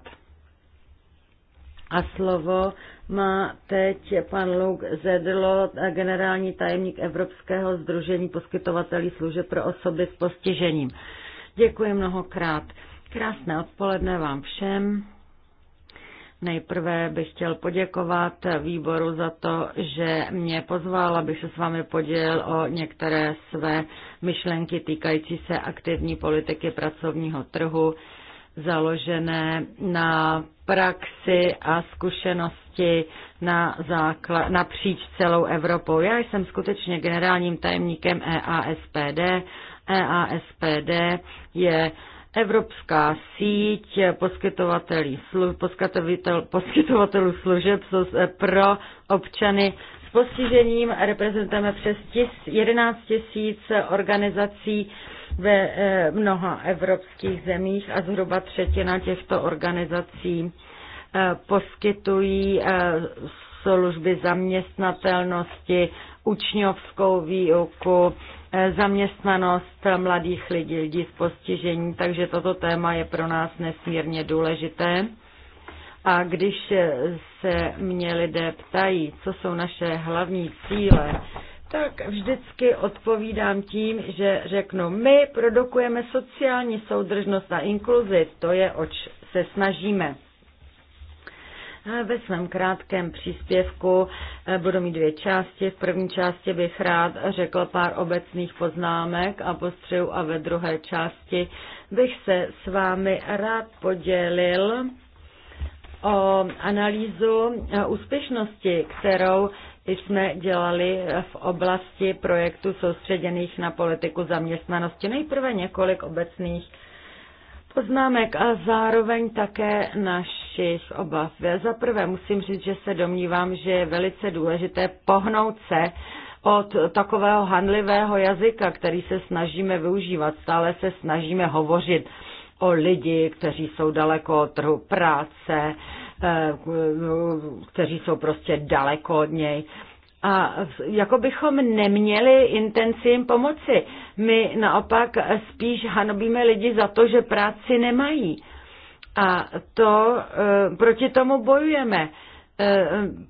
A slovo má teď pan Luk Zedlo, generální tajemník Evropského združení poskytovatelů služeb pro osoby s postižením. Děkuji mnohokrát. Krásné odpoledne vám všem. Nejprve bych chtěl poděkovat výboru za to, že mě pozval, abych se s vámi podělil o některé své myšlenky týkající se aktivní politiky pracovního trhu založené na praxi a zkušenosti na na napříč celou Evropou. Já jsem skutečně generálním tajemníkem EASPD. EASPD je Evropská síť poskytovatelů, slu, poskytovatel, poskytovatelů služeb pro občany s postižením. Reprezentujeme přes tis, 11 tisíc organizací ve e, mnoha evropských zemích a zhruba třetina těchto organizací e, poskytují e, služby zaměstnatelnosti, učňovskou výuku, zaměstnanost mladých lidí, lidí s postižení, takže toto téma je pro nás nesmírně důležité. A když se mě lidé ptají, co jsou naše hlavní cíle tak vždycky odpovídám tím, že řeknu, my produkujeme sociální soudržnost a inkluzi, to je, oč se snažíme. Ve svém krátkém příspěvku eh, budu mít dvě části. V první části bych rád řekl pár obecných poznámek a postřehu a ve druhé části bych se s vámi rád podělil o analýzu eh, úspěšnosti, kterou jsme dělali v oblasti projektů soustředěných na politiku zaměstnanosti. Nejprve několik obecných poznámek a zároveň také našich obav. Za prvé musím říct, že se domnívám, že je velice důležité pohnout se od takového handlivého jazyka, který se snažíme využívat. Stále se snažíme hovořit o lidi, kteří jsou daleko od trhu práce, Eh, kteří jsou prostě daleko od něj. A jako bychom neměli intenci jim pomoci. My naopak spíš hanobíme lidi za to, že práci nemají. A to eh, proti tomu bojujeme, eh,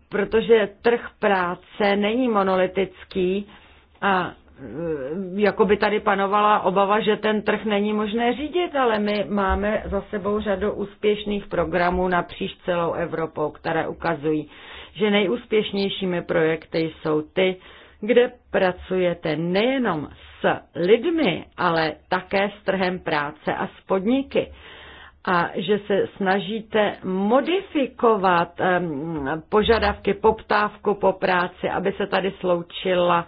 protože trh práce není monolitický a Eh, jako by tady panovala obava, že ten trh není možné řídit, ale my máme za sebou řadu úspěšných programů napříč celou Evropou, které ukazují, že nejúspěšnějšími projekty jsou ty, kde pracujete nejenom s lidmi, ale také s trhem práce a s podniky. A že se snažíte modifikovat požadavky, poptávku po práci, aby se tady sloučila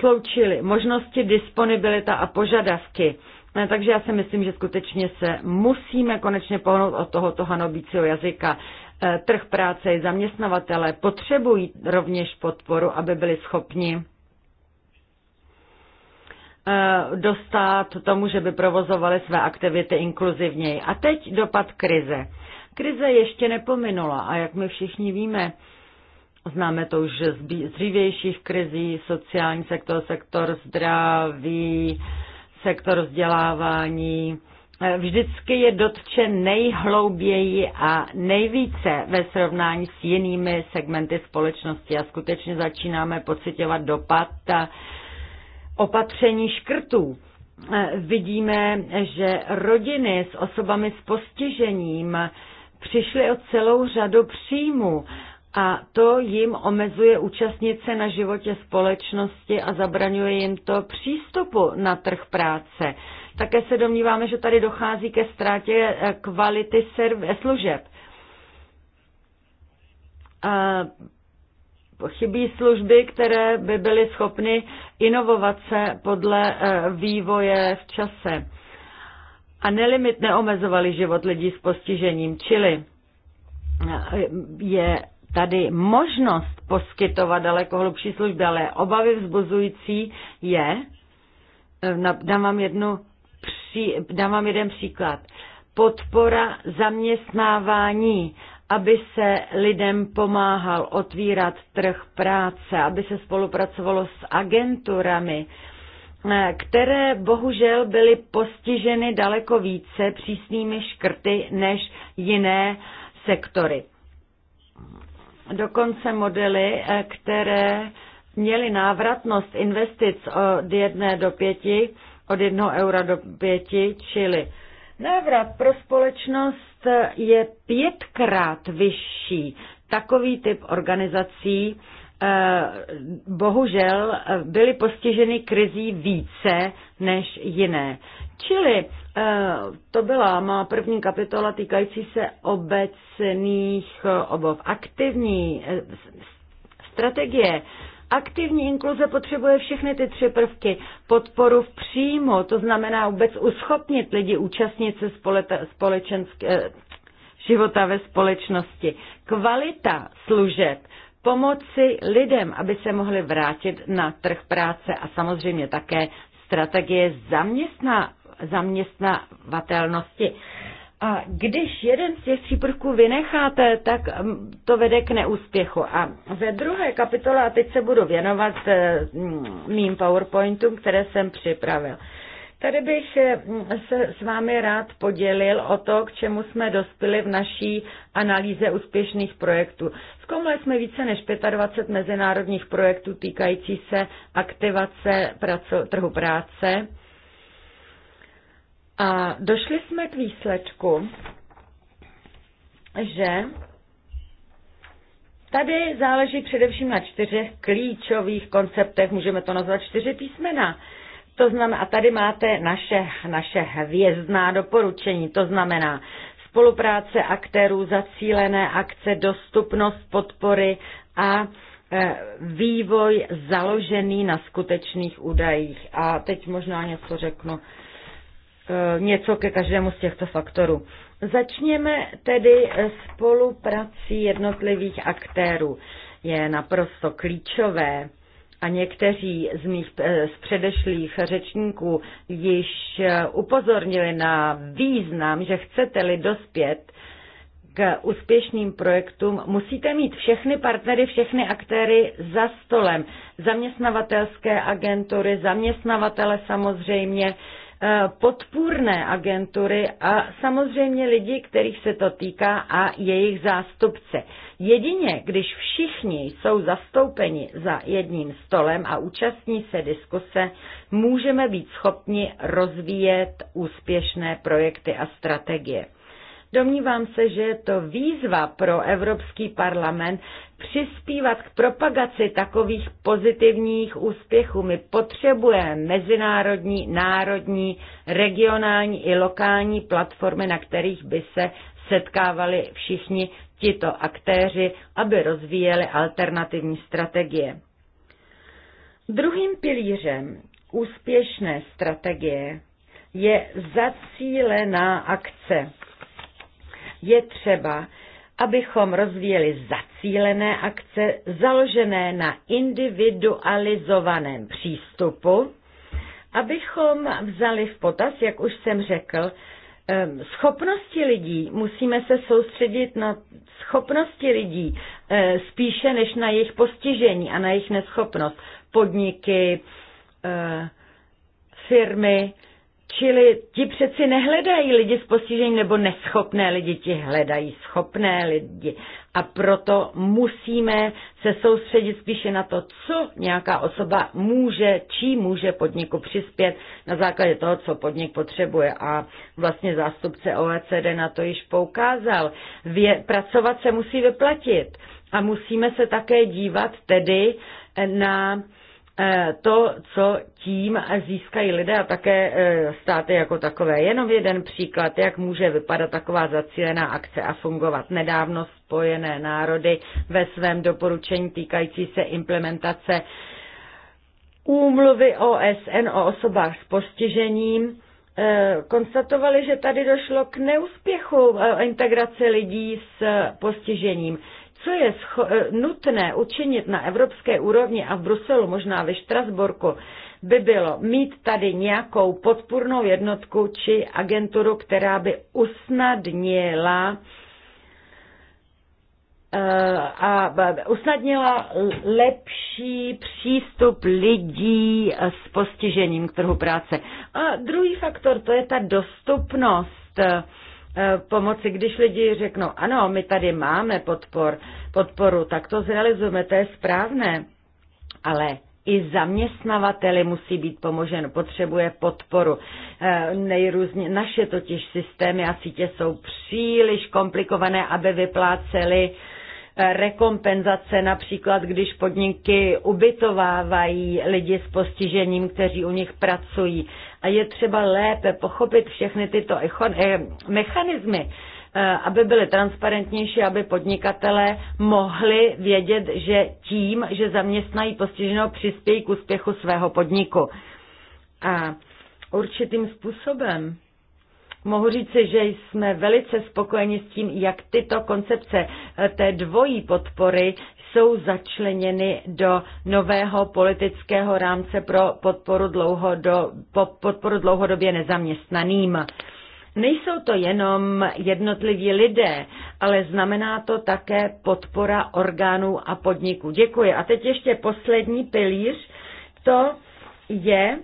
sloučili možnosti, disponibilita a požadavky. Eh, takže já si myslím, že skutečně se musíme konečně pohnout od tohoto hanobícího jazyka. Eh, trh práce i zaměstnavatele potřebují rovněž podporu, aby byli schopni eh, dostat tomu, že by provozovali své aktivity inkluzivněji. A teď dopad krize. Krize ještě nepominula a jak my všichni víme, Známe to už z dřívějších krizí, sociální sektor, sektor zdraví, sektor vzdělávání. Eh, vždycky je dotčen nejhlouběji a nejvíce ve srovnání s jinými segmenty společnosti a skutečně začínáme pocitovat dopad opatření škrtů. Eh, vidíme, že rodiny s osobami s postižením přišly o celou řadu příjmů a to jim omezuje účastnit se na životě společnosti a zabraňuje jim to přístupu na trh práce. Také se domníváme, že tady dochází ke ztrátě eh, kvality eh, služeb. A chybí služby, které by byly schopny inovovat se podle eh, vývoje v čase a nelimit neomezovali život lidí s postižením, čili je tady možnost poskytovat daleko hlubší služby, ale obavy vzbuzující je, eh, dám vám, jednu, dám vám jeden příklad, podpora zaměstnávání, aby se lidem pomáhal otvírat trh práce, aby se spolupracovalo s agenturami, eh, které bohužel byly postiženy daleko více přísnými škrty než jiné sektory dokonce modely, eh, které měly návratnost investic od 1 do 5, od 1 eura do 5, čili návrat pro společnost eh, je pětkrát vyšší. Takový typ organizací eh, bohužel byly postiženy krizí více než jiné. Čili eh, to byla má první kapitola týkající se obecných eh, obov. Aktivní eh, strategie Aktivní inkluze potřebuje všechny ty tři prvky. Podporu v přímo, to znamená vůbec uschopnit lidi účastnit se společenské, života ve společnosti. Kvalita služeb, pomoci lidem, aby se mohli vrátit na trh práce a samozřejmě také strategie zaměstná, zaměstnavatelnosti. A když jeden z těch tří prvků vynecháte, tak mm, to vede k neúspěchu. A ve druhé kapitole, a teď se budu věnovat eh, mm, mým PowerPointům, které jsem připravil. Tady bych eh, mm, se s vámi rád podělil o to, k čemu jsme dospěli v naší analýze úspěšných projektů. Zkoumali jsme více než 25 mezinárodních projektů týkající se aktivace trhu práce a došli jsme k výsledku, že tady záleží především na čtyřech klíčových konceptech, můžeme to nazvat čtyři písmena. To znamená, a tady máte naše, naše hvězdná doporučení, to znamená spolupráce aktérů, zacílené akce, dostupnost podpory a e, vývoj založený na skutečných údajích. A teď možná něco řeknu E, něco ke každému z těchto faktorů. Začněme tedy spoluprací jednotlivých aktérů. Je naprosto klíčové, a někteří z mých e, z předešlých řečníků již e, upozornili na význam, že chcete-li dospět k úspěšným projektům, musíte mít všechny partnery, všechny aktéry za stolem. Zaměstnavatelské agentury, zaměstnavatele samozřejmě, Eh, podpůrné agentury a samozřejmě lidi, kterých se to týká a jejich zástupce. Jedině, když všichni jsou zastoupeni za jedním stolem a účastní se diskuse, můžeme být schopni rozvíjet úspěšné projekty a strategie. Domnívám se, že je to výzva pro Evropský parlament přispívat k propagaci takových pozitivních úspěchů. My potřebujeme mezinárodní, národní, regionální i lokální platformy, na kterých by se setkávali všichni tito aktéři, aby rozvíjeli alternativní strategie. Druhým pilířem úspěšné strategie je zacílená akce je třeba, abychom rozvíjeli zacílené akce založené na individualizovaném přístupu, abychom vzali v potaz, jak už jsem řekl, schopnosti lidí. Musíme se soustředit na schopnosti lidí e, spíše než na jejich postižení a na jejich neschopnost. Podniky, e, firmy Čili ti přeci nehledají lidi s postižením nebo neschopné lidi, ti hledají schopné lidi. A proto musíme se soustředit spíše na to, co nějaká osoba může, čí může podniku přispět na základě toho, co podnik potřebuje. A vlastně zástupce OECD na to již poukázal. Vě, pracovat se musí vyplatit. A musíme se také dívat tedy na Eh, to, co tím získají lidé a také eh, státy jako takové. Jenom jeden příklad, jak může vypadat taková zacílená akce a fungovat. Nedávno Spojené národy ve svém doporučení týkající se implementace úmluvy OSN o osobách s postižením eh, konstatovali, že tady došlo k neúspěchu integrace lidí s postižením co je eh, nutné učinit na evropské úrovni a v Bruselu, možná ve Štrasborku, by bylo mít tady nějakou podpůrnou jednotku či agenturu, která by usnadnila eh, a usnadnila lepší přístup lidí eh, s postižením k trhu práce. A druhý faktor, to je ta dostupnost Eh, pomoci, když lidi řeknou, ano, my tady máme podpor, podporu, tak to zrealizujeme, to je správné, ale i zaměstnavateli musí být pomožen, potřebuje podporu. Eh, nejrůzně, naše totiž systémy a sítě jsou příliš komplikované, aby vypláceli eh, rekompenzace, například když podniky ubytovávají lidi s postižením, kteří u nich pracují a je třeba lépe pochopit všechny tyto eh, mechanismy, eh, aby byly transparentnější, aby podnikatelé mohli vědět, že tím, že zaměstnají postiženého, přispějí k úspěchu svého podniku. A určitým způsobem mohu říci, že jsme velice spokojeni s tím, jak tyto koncepce eh, té dvojí podpory jsou začleněny do nového politického rámce pro podporu, dlouhodo, podporu dlouhodobě nezaměstnaným. Nejsou to jenom jednotliví lidé, ale znamená to také podpora orgánů a podniků. Děkuji. A teď ještě poslední pilíř, to je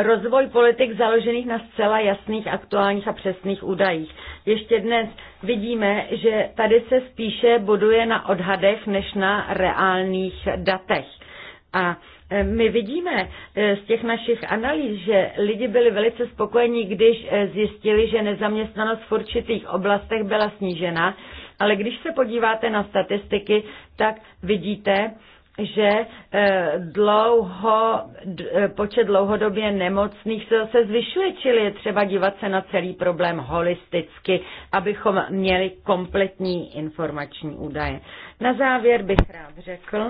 rozvoj politik založených na zcela jasných, aktuálních a přesných údajích. Ještě dnes vidíme, že tady se spíše buduje na odhadech než na reálných datech. A e, my vidíme e, z těch našich analýz, že lidi byli velice spokojení, když e, zjistili, že nezaměstnanost v určitých oblastech byla snížena, ale když se podíváte na statistiky, tak vidíte, že eh, dlouho, eh, počet dlouhodobě nemocných se zase zvyšuje, čili je třeba dívat se na celý problém holisticky, abychom měli kompletní informační údaje. Na závěr bych rád řekl,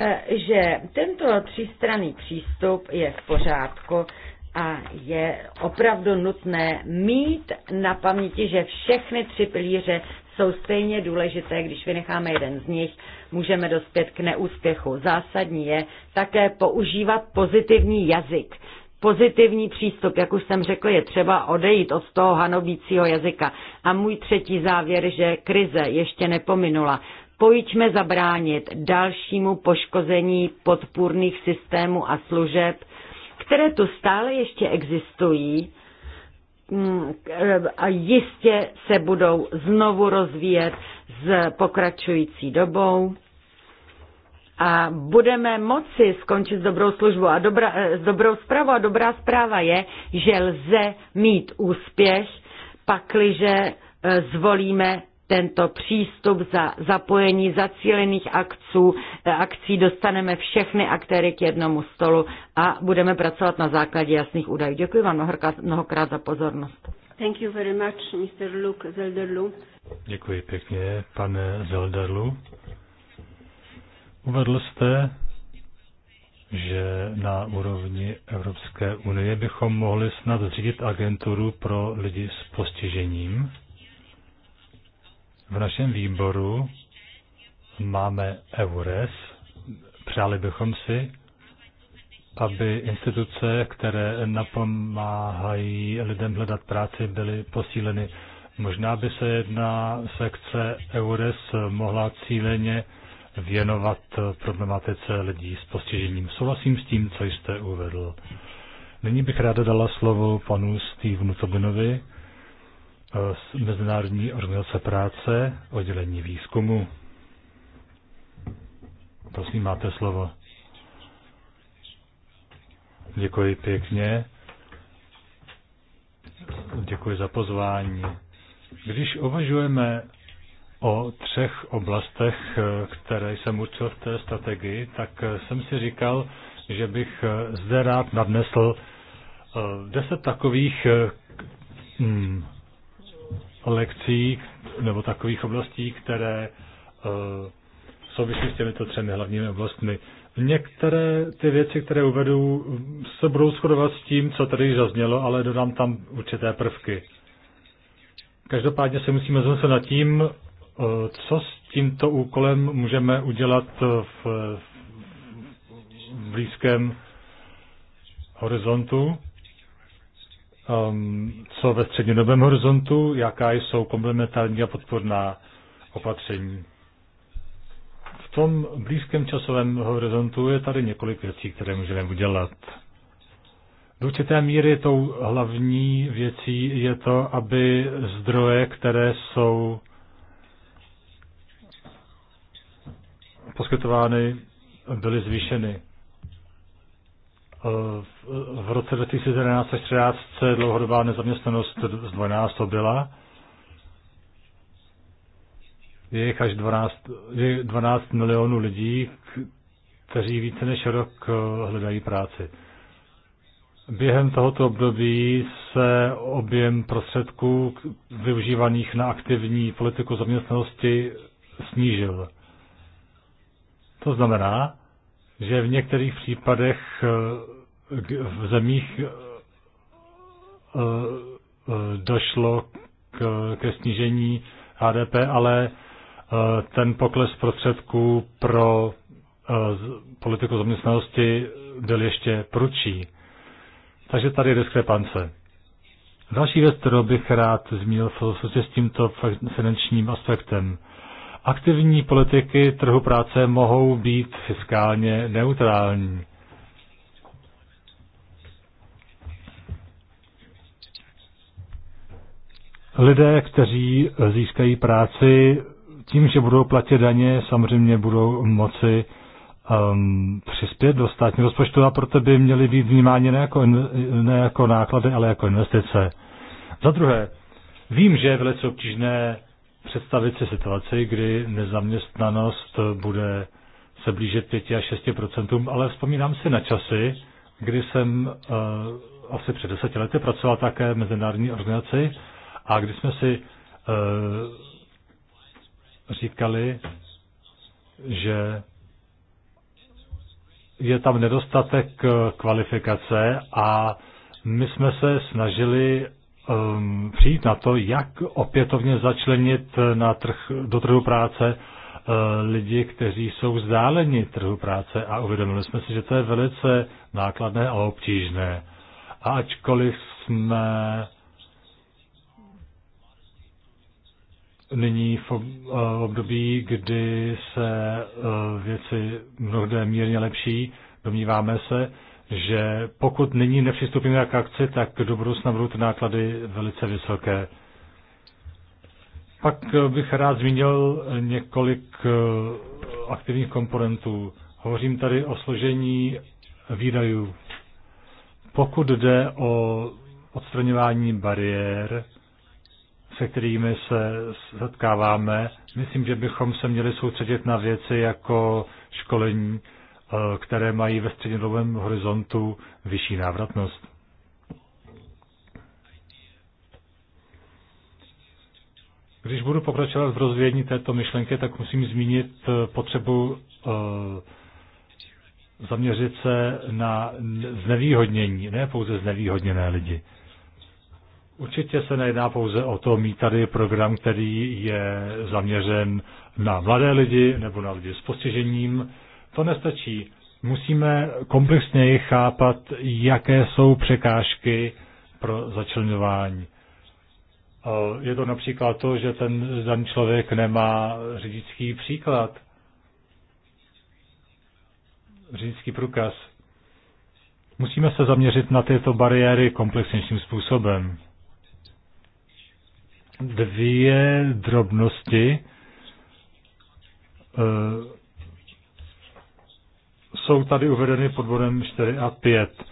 eh, že tento třístranný přístup je v pořádku a je opravdu nutné mít na paměti, že všechny tři pilíře jsou stejně důležité, když vynecháme jeden z nich, můžeme dospět k neúspěchu. Zásadní je také používat pozitivní jazyk. Pozitivní přístup, jak už jsem řekl, je třeba odejít od toho hanovícího jazyka. A můj třetí závěr, že krize ještě nepominula. Pojďme zabránit dalšímu poškození podpůrných systémů a služeb, které tu stále ještě existují, a jistě se budou znovu rozvíjet s pokračující dobou a budeme moci skončit s dobrou službou a dobra, eh, s dobrou zprávou. A dobrá zpráva je, že lze mít úspěch, pakliže eh, zvolíme tento přístup za zapojení zacílených akců, eh, akcí dostaneme všechny aktéry k jednomu stolu a budeme pracovat na základě jasných údajů. Děkuji vám mnohokrát, za pozornost. Thank you very much, Mr. Luke Zelderlu. Děkuji pěkně, pane Zelderlu. Uvedl jste, že na úrovni Evropské unie bychom mohli snad zřídit agenturu pro lidi s postižením. V našem výboru máme EURES. Přáli bychom si, aby instituce, které napomáhají lidem hledat práci, byly posíleny. Možná by se jedna sekce EURES mohla cíleně věnovat problematice lidí s postižením. Souhlasím s tím, co jste uvedl. Nyní bych ráda dala slovo panu Stevenu Tobinovi, z Mezinárodní organizace práce, oddělení výzkumu. Prosím, máte slovo. Děkuji pěkně. Děkuji za pozvání. Když uvažujeme o třech oblastech, které jsem určil v té strategii, tak jsem si říkal, že bych zde rád nadnesl eh, deset takových hm, lekcí nebo takových oblastí, které eh, souvisí s těmito třemi hlavními oblastmi. Některé ty věci, které uvedu, se budou shodovat s tím, co tady zaznělo, ale dodám tam určité prvky. Každopádně se musíme zamyslet nad tím, eh, co s tímto úkolem můžeme udělat v, v blízkém horizontu. Um, co ve střednědobém horizontu, jaká jsou komplementární a podporná opatření. V tom blízkém časovém horizontu je tady několik věcí, které můžeme udělat. Do určité míry tou hlavní věcí je to, aby zdroje, které jsou poskytovány, byly zvýšeny. Eh, v roce 2011 až 2013 se dlouhodobá nezaměstnanost z 12 byla. Je jich až 12, je 12 milionů lidí, kteří více než rok eh, hledají práci. Během tohoto období se objem prostředků využívaných na aktivní politiku zaměstnanosti snížil. To znamená, že v některých případech eh, v zemích eh, eh, došlo k, ke snížení HDP, ale ten pokles prostředků pro politiku zaměstnanosti byl ještě prudší. Takže tady je diskrepance. Další věc, kterou bych rád zmínil v souvislosti s tímto finančním aspektem. Aktivní politiky trhu práce mohou být fiskálně neutrální. Lidé, kteří získají práci, tím, že budou platit daně, samozřejmě budou moci um, přispět do státního rozpočtu a proto by měly být vnímáni ne jako, ne jako náklady, ale jako investice. Za druhé, vím, že je velice obtížné představit si situaci, kdy nezaměstnanost bude se blížit 5 až 6 procentům, ale vzpomínám si na časy, kdy jsem uh, asi před deseti lety pracoval také v mezinárodní organizaci a kdy jsme si uh, říkali, že je tam nedostatek eh, kvalifikace a my jsme se snažili um, přijít na to, jak opětovně začlenit na trh, do trhu práce uh, lidi, kteří jsou vzdáleni trhu práce a uvědomili jsme si, že to je velice nákladné a obtížné. A ačkoliv jsme nyní v uh, období, kdy se uh, věci mnohde mírně lepší, domníváme se, že pokud nyní nepřistoupíme k akci, tak do budoucna budou ty náklady velice vysoké. Pak bych rád zmínil několik eh, aktivních komponentů. Hovořím tady o složení výdajů. Pokud jde o odstraňování bariér, se kterými se setkáváme, myslím, že bychom se měli soustředit na věci jako školení, Eh, které mají ve střednědobém horizontu vyšší návratnost. Když budu pokračovat v rozvíjení této myšlenky, tak musím zmínit eh, potřebu eh, zaměřit se na znevýhodnění, ne pouze znevýhodněné lidi. Určitě se nejedná pouze o to mít tady program, který je zaměřen na mladé lidi nebo na lidi s postižením. To nestačí. Musíme komplexněji chápat, jaké jsou překážky pro začlenování. Je to například to, že ten daný člověk nemá řidičský příklad, řidičský průkaz. Musíme se zaměřit na tyto bariéry komplexnějším způsobem. Dvě drobnosti, eh, jsou tady uvedeny pod bodem 4 a 5.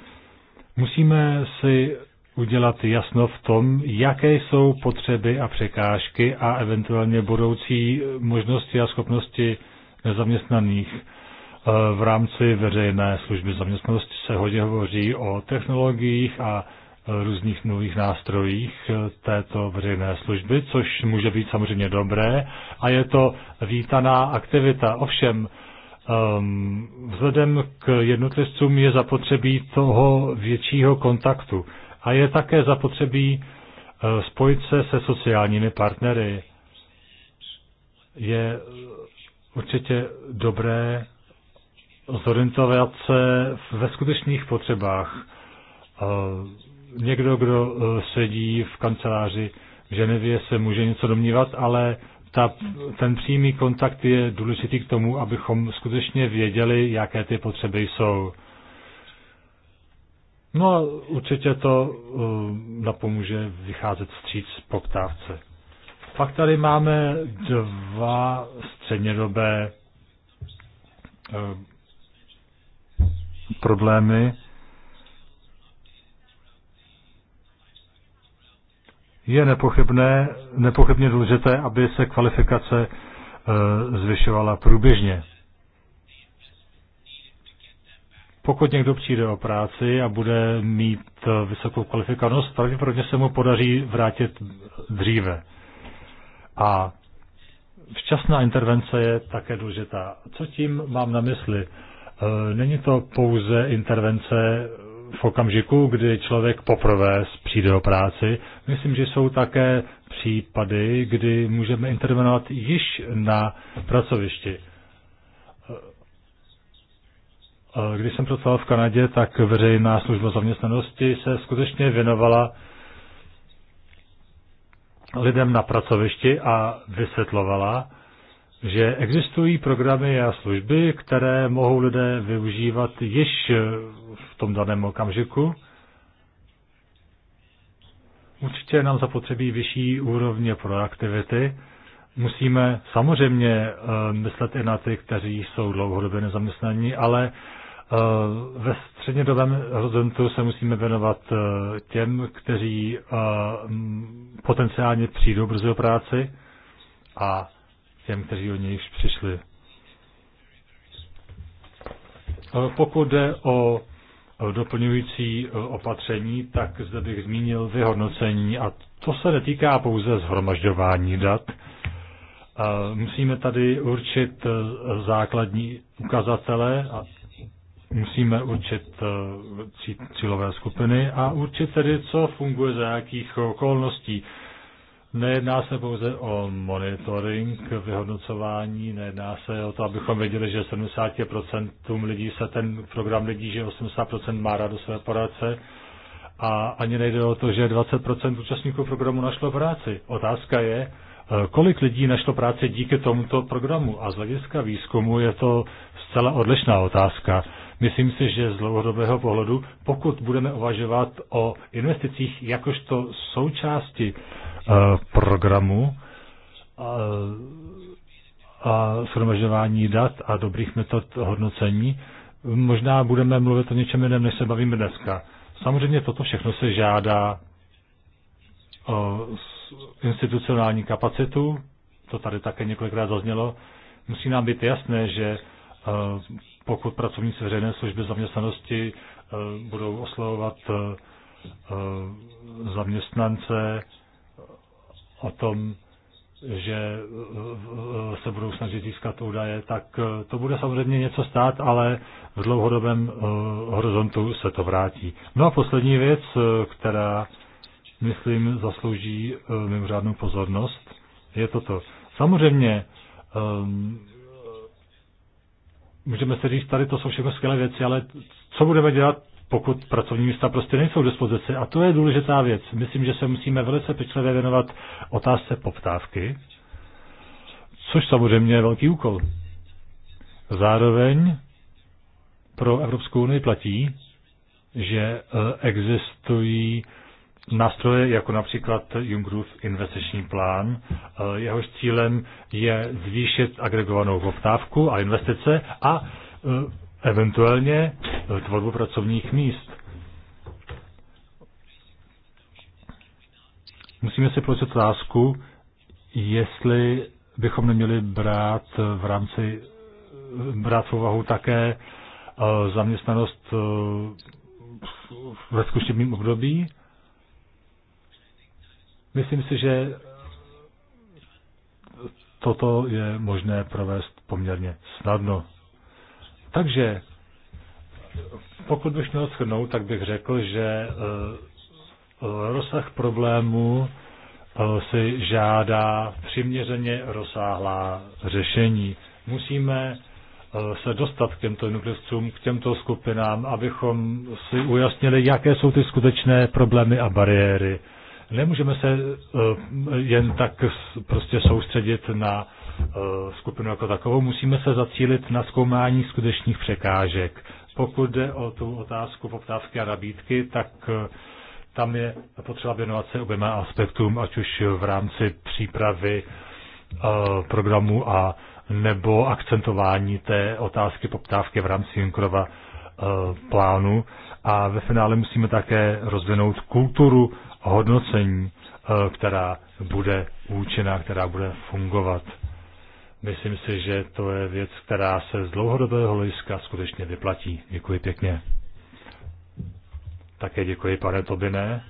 Musíme si udělat jasno v tom, jaké jsou potřeby a překážky a eventuálně budoucí možnosti a schopnosti nezaměstnaných. V rámci veřejné služby zaměstnanosti se hodně hovoří o technologiích a různých nových nástrojích této veřejné služby, což může být samozřejmě dobré a je to vítaná aktivita. Ovšem, Ehm, vzhledem k jednotlivcům je zapotřebí toho většího kontaktu a je také zapotřebí eh, spojit se se sociálními partnery. Je eh, určitě dobré zorientovat se ve skutečných potřebách. Eh, někdo, kdo sedí v kanceláři v Ženevě, se může něco domnívat, ale ta, ten přímý kontakt je důležitý k tomu, abychom skutečně věděli, jaké ty potřeby jsou. No a určitě to uh, napomůže vycházet vstříc poptávce. Pak tady máme dva střednědobé uh, problémy. je nepochybné, nepochybně důležité, aby se kvalifikace eh, zvyšovala průběžně. Pokud někdo přijde o práci a bude mít eh, vysokou kvalifikovanost, pravděpodobně se mu podaří vrátit dříve. A včasná intervence je také důležitá. Co tím mám na mysli? Eh, není to pouze intervence v okamžiku, kdy člověk poprvé přijde o práci. Myslím, že jsou také případy, kdy můžeme intervenovat již na pracovišti. Eh, když jsem pracoval v Kanadě, tak veřejná služba zaměstnanosti se skutečně věnovala lidem na pracovišti a vysvětlovala, že existují programy a služby, které mohou lidé využívat již v tom daném okamžiku. Určitě nám zapotřebí vyšší úrovně proaktivity. Musíme samozřejmě eh, myslet i na ty, kteří jsou dlouhodobě nezaměstnaní, ale eh, ve střednědobém horizontu se musíme věnovat eh, těm, kteří potenciálně přijdou brzy o práci a těm, kteří o nějž přišli. E, pokud jde o doplňující e, opatření, tak zde bych zmínil vyhodnocení a to se netýká pouze zhromažďování dat. E, musíme tady určit základní ukazatele a musíme určit cílové skupiny a určit tedy, co funguje za jakých okolností. Nejedná se pouze o monitoring, vyhodnocování, nejedná se o to, abychom věděli, že 70% lidí se ten program lidí, že 80% má rádo své poradce a ani nejde o to, že 20% účastníků programu našlo práci. Otázka je, kolik lidí našlo práci díky tomuto programu a z hlediska výzkumu je to zcela odlišná otázka. Myslím si, že z dlouhodobého pohledu, pokud budeme uvažovat o investicích jakožto součásti Eh, programu a, eh, a shromažďování dat a dobrých metod hodnocení. Možná budeme mluvit o něčem jiném, než se bavíme dneska. Samozřejmě toto všechno se žádá o institucionální kapacitu, to tady také několikrát zaznělo. Musí nám být jasné, že eh, pokud pracovníci veřejné služby zaměstnanosti budou oslovovat zaměstnance, o tom, že eh, se budou snažit získat údaje, tak eh, to bude samozřejmě něco stát, ale v dlouhodobém eh, horizontu se to vrátí. No a poslední věc, která, myslím, zaslouží mimořádnou pozornost, je toto. Samozřejmě můžeme se říct, tady to jsou všechno skvělé věci, ale co budeme dělat pokud pracovní místa prostě nejsou k dispozici. A to je důležitá věc. Myslím, že se musíme velice pečlivě věnovat otázce poptávky, což samozřejmě je velký úkol. Zároveň pro Evropskou unii platí, že eh, existují nástroje jako například Jungrův investiční plán. Eh, jehož cílem je zvýšit agregovanou poptávku a investice a eh, eventuálně tvorbu pracovních míst. Musíme si položit otázku, jestli bychom neměli brát v rámci brát v úvahu také eh, zaměstnanost eh, ve zkušebním období. Myslím si, že toto je možné provést poměrně snadno. Takže pokud bych měl shrnout, tak bych řekl, že eh, rozsah problému eh, si žádá přiměřeně rozsáhlá řešení. Musíme eh, se dostat k těmto jednotlivcům, k těmto skupinám, abychom si ujasnili, jaké jsou ty skutečné problémy a bariéry. Nemůžeme se jen tak prostě soustředit na Eh, skupinu jako takovou, musíme se zacílit na zkoumání skutečných překážek. Pokud jde o tu otázku poptávky a nabídky, tak eh, tam je potřeba věnovat se oběma aspektům, ať už v rámci přípravy eh, programu a nebo akcentování té otázky poptávky v rámci Junkrova plánu. A ve finále musíme také rozvinout kulturu hodnocení, která bude účinná, která bude fungovat. Myslím si, že to je věc, která se z dlouhodobého hlediska skutečně vyplatí. Děkuji pěkně. Také děkuji, pane Tobine.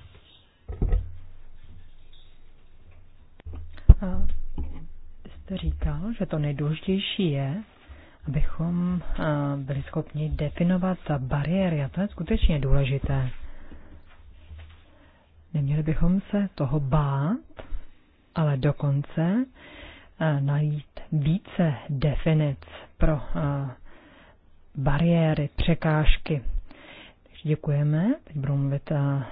Jste říkal, že to nejdůležitější je, abychom byli schopni definovat za bariéry a to je skutečně důležité. Neměli bychom se toho bát, ale dokonce Eh, najít více definic pro eh, bariéry, překážky. děkujeme. Teď budu mluvit eh,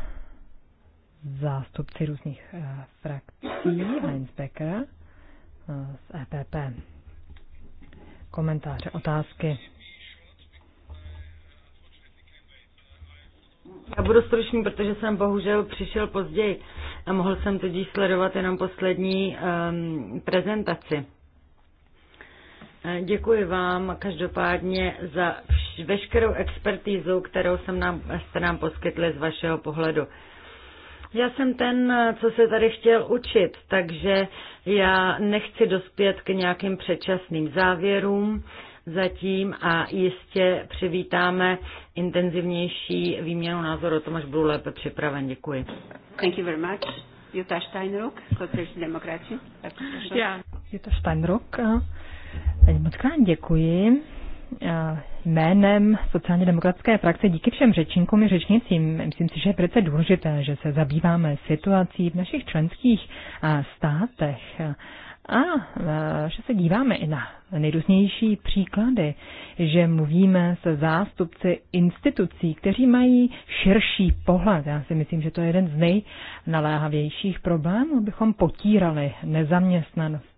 zástupci různých frakcí Heinz Becker z EPP. Komentáře, otázky. Já budu stručný, protože jsem bohužel přišel později a mohl jsem tudíž sledovat jenom poslední um, prezentaci. E, děkuji vám každopádně za veškerou expertízu, kterou jsem nám, jste nám poskytli z vašeho pohledu. Já jsem ten, co se tady chtěl učit, takže já nechci dospět k nějakým předčasným závěrům zatím a jistě přivítáme intenzivnější výměnu názoru To máš budu lépe připraven. Děkuji. Thank you very much. Jutta Steinruck, sociální demokracie. Yeah. Jutta Steinruck. Moc krát děkuji. Jménem sociálně demokratické frakce díky všem řečníkům i řečnicím. Myslím si, že je přece důležité, že se zabýváme situací v našich členských státech a e, že se díváme i na nejrůznější příklady, že mluvíme se zástupci institucí, kteří mají širší pohled. Já si myslím, že to je jeden z nejnaléhavějších problémů, abychom potírali nezaměstnanost.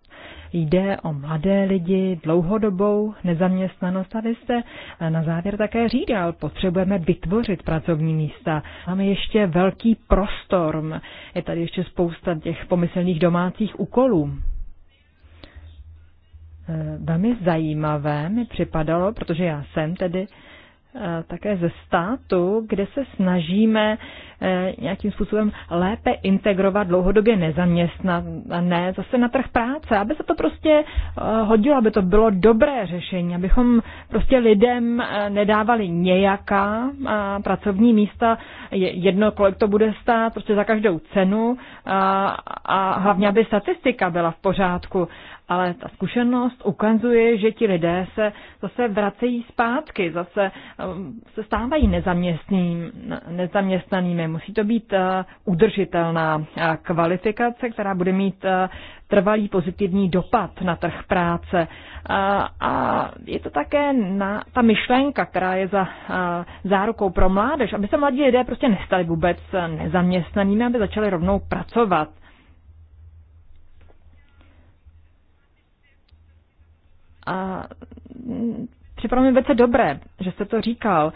Jde o mladé lidi, dlouhodobou nezaměstnanost a vy jste e, na závěr také říkal, potřebujeme vytvořit pracovní místa. Máme ještě velký prostor, je tady ještě spousta těch pomyslných domácích úkolů. Eh, velmi zajímavé mi připadalo, protože já jsem tedy eh, také ze státu, kde se snažíme eh, nějakým způsobem lépe integrovat dlouhodobě nezaměstnané zase na trh práce, aby se to prostě hodilo, aby to bylo dobré řešení, abychom prostě lidem nedávali nějaká pracovní místa, jedno, kolik to bude stát, prostě za každou cenu a, a hlavně, aby statistika byla v pořádku, ale ta zkušenost ukazuje, že ti lidé se zase vracejí zpátky, zase um, se stávají nezaměstnanými. Musí to být uh, udržitelná uh, kvalifikace, která bude mít uh, trvalý pozitivní dopad na trh práce. A, a je to také na, ta myšlenka, která je za a, zárukou pro mládež, aby se mladí lidé prostě nestali vůbec nezaměstnanými, aby začali rovnou pracovat. a mm, připadá mi velice dobré, že jste to říkal,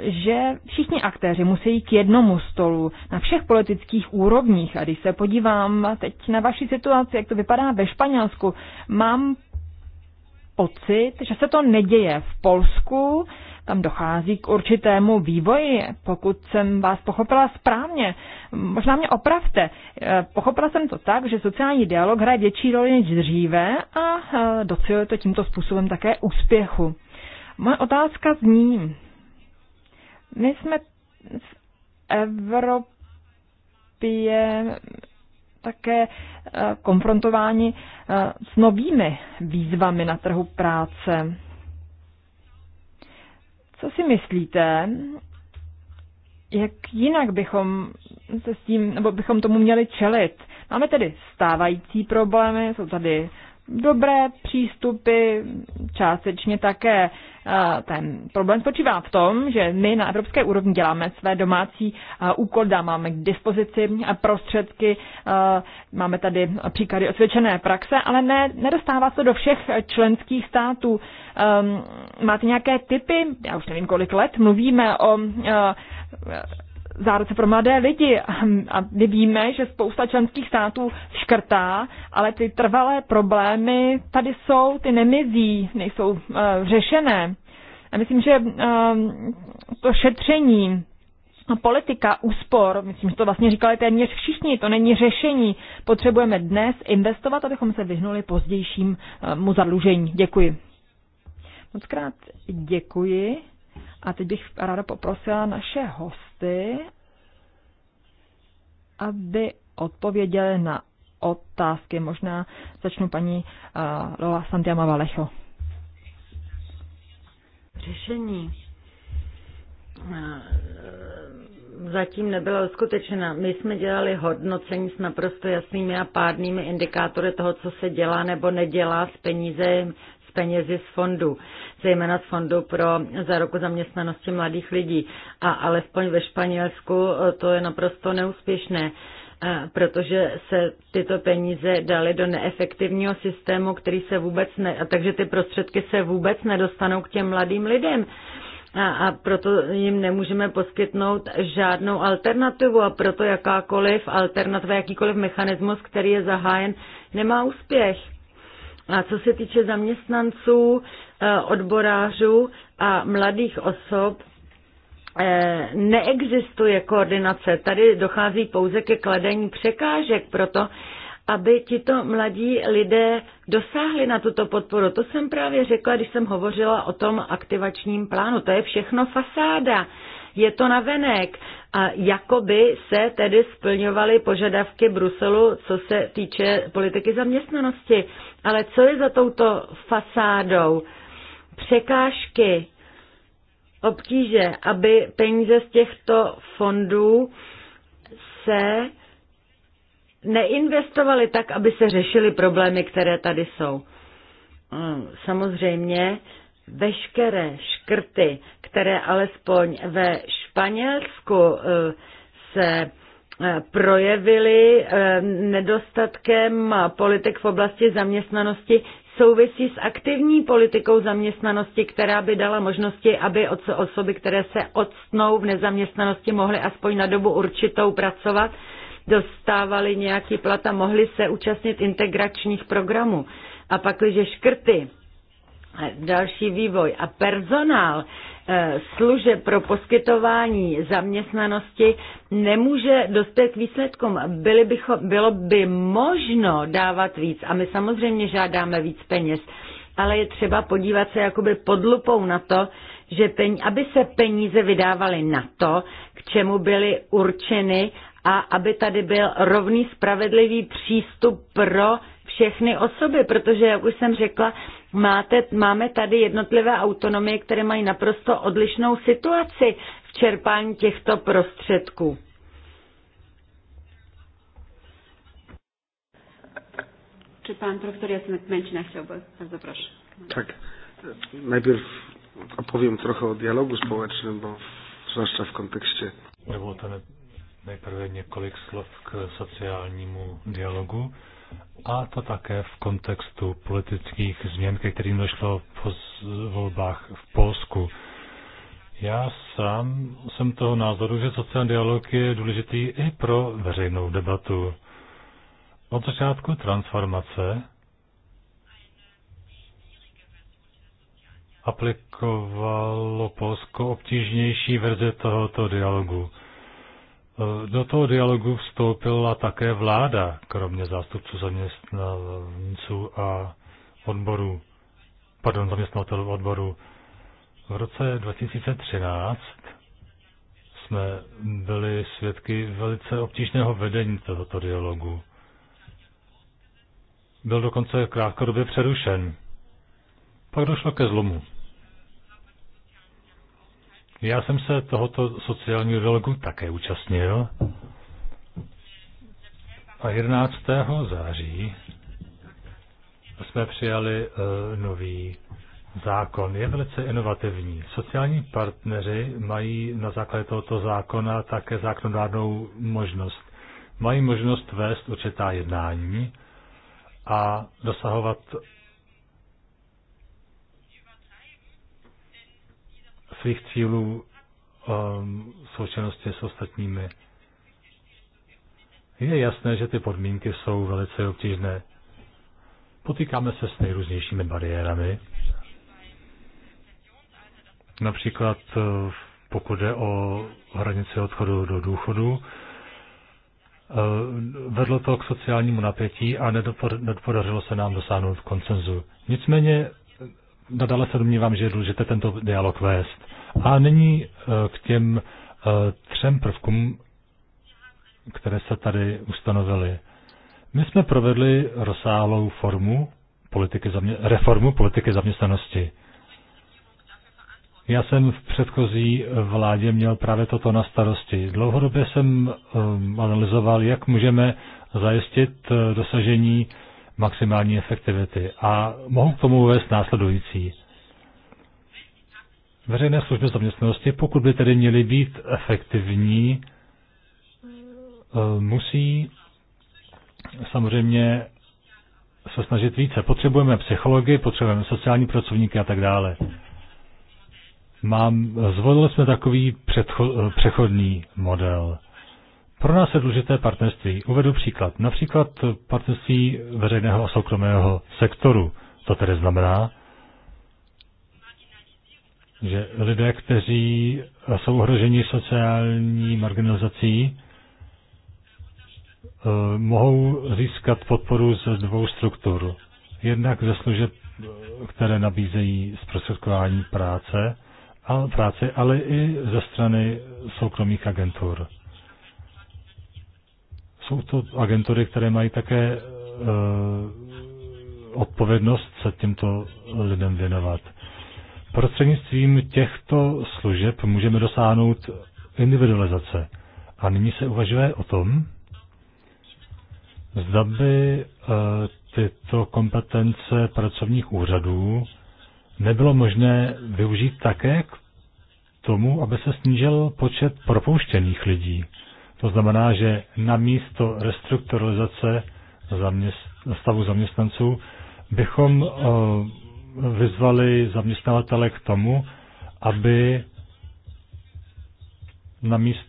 že všichni aktéři musí jít k jednomu stolu na všech politických úrovních. A když se podívám teď na vaši situaci, jak to vypadá ve Španělsku, mám pocit, že se to neděje v Polsku, tam dochází k určitému vývoji, pokud jsem vás pochopila správně. Možná mě opravte. Eh, pochopila jsem to tak, že sociální dialog hraje větší roli než dříve a eh, docíluje to tímto způsobem také úspěchu. Moje otázka zní, my jsme v Evropě také eh, konfrontováni eh, s novými výzvami na trhu práce. Co si myslíte, jak jinak bychom se s tím, nebo bychom tomu měli čelit? Máme tedy stávající problémy, jsou tady dobré přístupy, částečně také eh, ten problém spočívá v tom, že my na evropské úrovni děláme své domácí eh, úkoly, máme k dispozici eh, prostředky, máme tady příklady osvědčené praxe, ale ne, nedostává se do všech členských států. Ehm, máte nějaké typy, já už nevím kolik let, mluvíme o záruce pro mladé lidi. A my víme, že spousta členských států škrtá, ale ty trvalé problémy tady jsou, ty nemizí, nejsou uh, řešené. A myslím, že uh, to šetření, politika úspor, myslím, že to vlastně říkali téměř všichni, to není řešení. Potřebujeme dnes investovat, abychom se vyhnuli pozdějšímu eh, zadlužení. Děkuji. Moc krát děkuji. A teď bych ráda poprosila naše hosty, aby odpověděli na otázky. Možná začnu paní uh, Lola Santiama Valecho. Řešení eh, zatím nebyla uskutečena. My jsme dělali hodnocení s naprosto jasnými a pádnými indikátory toho, co se dělá nebo nedělá s peníze, penězi z fondu, zejména z fondu pro záruku zaměstnanosti mladých lidí. A alespoň ve Španělsku eh, to je naprosto neúspěšné eh, protože se tyto peníze daly do neefektivního systému, který se vůbec ne, a takže ty prostředky se vůbec nedostanou k těm mladým lidem. A, a proto jim nemůžeme poskytnout žádnou alternativu a proto jakákoliv alternativa, jakýkoliv mechanismus, který je zahájen, nemá úspěch. A co se týče zaměstnanců, eh, odborářů a mladých osob, eh, neexistuje koordinace. Tady dochází pouze ke kladení překážek proto, aby tito mladí lidé dosáhli na tuto podporu. To jsem právě řekla, když jsem hovořila o tom aktivačním plánu. To je všechno fasáda. Je to navenek. A jakoby se tedy splňovaly požadavky Bruselu, co se týče politiky zaměstnanosti. Ale co je za touto fasádou? Překážky, obtíže, aby peníze z těchto fondů se neinvestovaly tak, aby se řešily problémy, které tady jsou. Mm, samozřejmě veškeré škrty, které alespoň ve Španělsku eh, se Eh, projevily eh, nedostatkem politik v oblasti zaměstnanosti souvisí s aktivní politikou zaměstnanosti, která by dala možnosti, aby osoby, které se odstnou v nezaměstnanosti, mohly aspoň na dobu určitou pracovat, dostávaly nějaký plat a mohly se účastnit integračních programů. A pak, když škrty, eh, další vývoj a personál, Eh, služeb pro poskytování zaměstnanosti nemůže dospět k výsledkům. Byli bycho, bylo by možno dávat víc a my samozřejmě žádáme víc peněz, ale je třeba podívat se jakoby pod lupou na to, že peníze, aby se peníze vydávaly na to, k čemu byly určeny a aby tady byl rovný spravedlivý přístup pro všechny osoby, protože, jak už jsem řekla, máte, máme tady jednotlivé autonomie, které mají naprosto odlišnou situaci v čerpání těchto prostředků. Czy pan profesor Jasnek Męcina chciałby? Bardzo proszę. Tak. Najpierw opowiem trochę o dialogu społecznym, bo zwłaszcza w kontekście... Dovolte nejprve několik slov k sociálnímu dialogu a to také v kontextu politických změn, ke kterým došlo po volbách v Polsku. Já sám jsem toho názoru, že sociální dialog je důležitý i pro veřejnou debatu. Od začátku transformace aplikovalo Polsko obtížnější verze tohoto dialogu. Eh, do toho dialogu vstoupila také vláda, kromě zástupců zaměstnanců a odborů, pardon, zaměstnavatelů odborů. V roce 2013 jsme byli svědky velice obtížného vedení tohoto dialogu. Byl dokonce krátkodobě přerušen. Pak došlo ke zlomu. Já jsem se tohoto sociálního dialogu také účastnil. A 11. září jsme přijali uh, nový zákon. Je velice inovativní. Sociální partneři mají na základě tohoto zákona také zákonodárnou možnost. Mají možnost vést určitá jednání a dosahovat svých cílů um, součinnosti s ostatními. Je jasné, že ty podmínky jsou velice obtížné. Potýkáme se s nejrůznějšími bariérami. Například eh, pokud jde o hranici odchodu do důchodu, eh, vedlo to k sociálnímu napětí a nedopodařilo se nám dosáhnout koncenzu. Nicméně nadále se domnívám, že je důležité tento dialog vést. A nyní eh, k těm eh, třem prvkům, které se tady ustanovily. My jsme provedli rozsáhlou formu politiky zamě- reformu politiky zaměstnanosti. Já jsem v předchozí vládě měl právě toto na starosti. Dlouhodobě jsem ehm, analyzoval, jak můžeme zajistit eh, dosažení maximální efektivity. A mohu k tomu uvést následující. Veřejné služby zaměstnanosti, pokud by tedy měly být efektivní, eh, musí samozřejmě se snažit více. Potřebujeme psychologi, potřebujeme sociální pracovníky a tak dále. Mám, zvolili jsme takový předcho, eh, přechodný model. Pro nás je důležité partnerství. Uvedu příklad. Například partnerství veřejného a soukromého sektoru. To tedy znamená, že lidé, kteří jsou ohroženi sociální marginalizací, eh, mohou získat podporu ze dvou struktur. Jednak ze služeb, které nabízejí zprostředkování práce, a práce, ale i ze strany soukromých agentur. Jsou to agentury, které mají také eh, odpovědnost se těmto lidem věnovat. Prostřednictvím těchto služeb můžeme dosáhnout individualizace. A nyní se uvažuje o tom, zda by eh, tyto kompetence pracovních úřadů nebylo možné využít také k tomu, aby se snížil počet propouštěných lidí. To znamená, že na místo restrukturalizace zaměst, stavu zaměstnanců bychom eh, vyzvali zaměstnavatele k tomu, aby na místo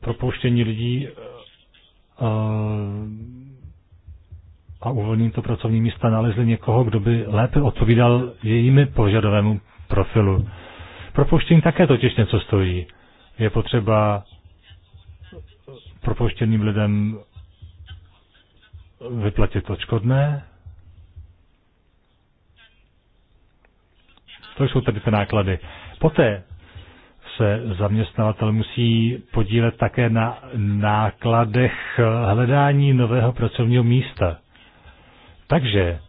propouštění lidí eh, a uvolnění to pracovní místa nalezli někoho, kdo by lépe odpovídal jejími požadovému profilu. Propouštění také totiž něco stojí. Je potřeba propouštěným lidem vyplatit odškodné. To jsou tedy ty náklady. Poté se zaměstnavatel musí podílet také na nákladech hledání nového pracovního místa. Takže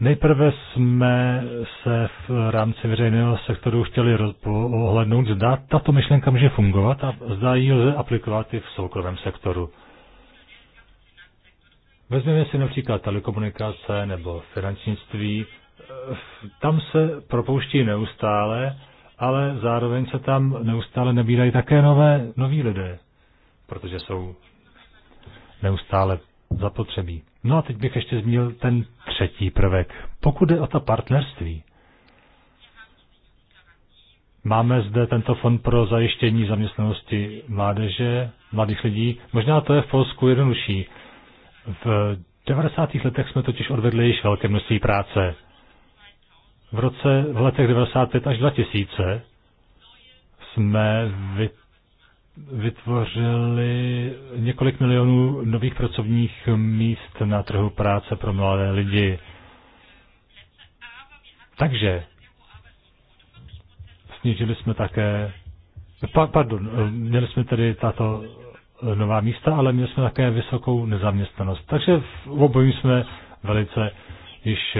Nejprve jsme se v rámci veřejného sektoru chtěli ohlednout, zda tato myšlenka může fungovat a zda ji lze aplikovat i v soukromém sektoru. Vezmeme si například telekomunikace nebo finančnictví. Tam se propouští neustále, ale zároveň se tam neustále nabírají také nové, noví lidé, protože jsou neustále zapotřebí. No a teď bych ještě zmínil ten třetí prvek. Pokud jde o ta partnerství, máme zde tento fond pro zajištění zaměstnanosti mládeže, mladých lidí. Možná to je v Polsku jednodušší. V 90. letech jsme totiž odvedli již velké množství práce. V roce v letech 95 až 2000 jsme vytvořili vytvořili několik milionů nových pracovních míst na trhu práce pro mladé lidi. Takže snížili jsme také, pardon, měli jsme tedy tato nová místa, ale měli jsme také vysokou nezaměstnanost. Takže v obojím jsme velice již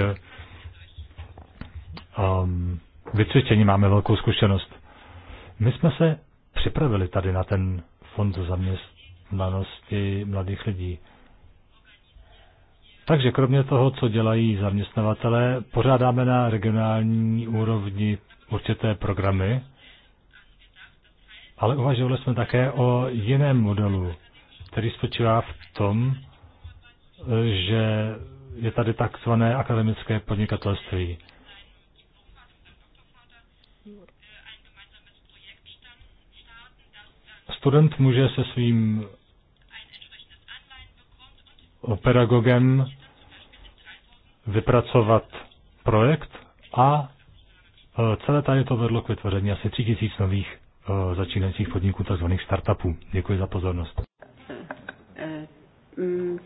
um, vycvičení máme velkou zkušenost. My jsme se připravili tady na ten fond zaměstnanosti mladých lidí. Takže kromě toho, co dělají zaměstnavatele, pořádáme na regionální úrovni určité programy, ale uvažovali jsme také o jiném modelu, který spočívá v tom, eh, že je tady takzvané akademické podnikatelství. student může se svým eh, pedagogem vypracovat projekt a eh, celé tady to vedlo k vytvoření asi 3000 nových eh, začínajících podniků, tzv. startupů. Děkuji za pozornost. Mm,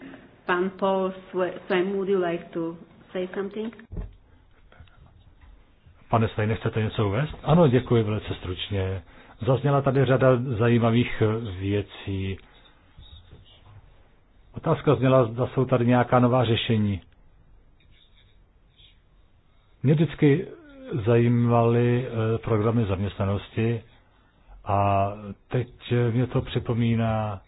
pan Paul Sven, would you like to say something? Pane Svej, nechcete něco uvést? Ano, děkuji velice stručně. Zazněla tady řada zajímavých eh, věcí. Otázka zněla, zda jsou tady nějaká nová řešení. Mě vždycky zajímaly eh, programy zaměstnanosti a teď mě to připomíná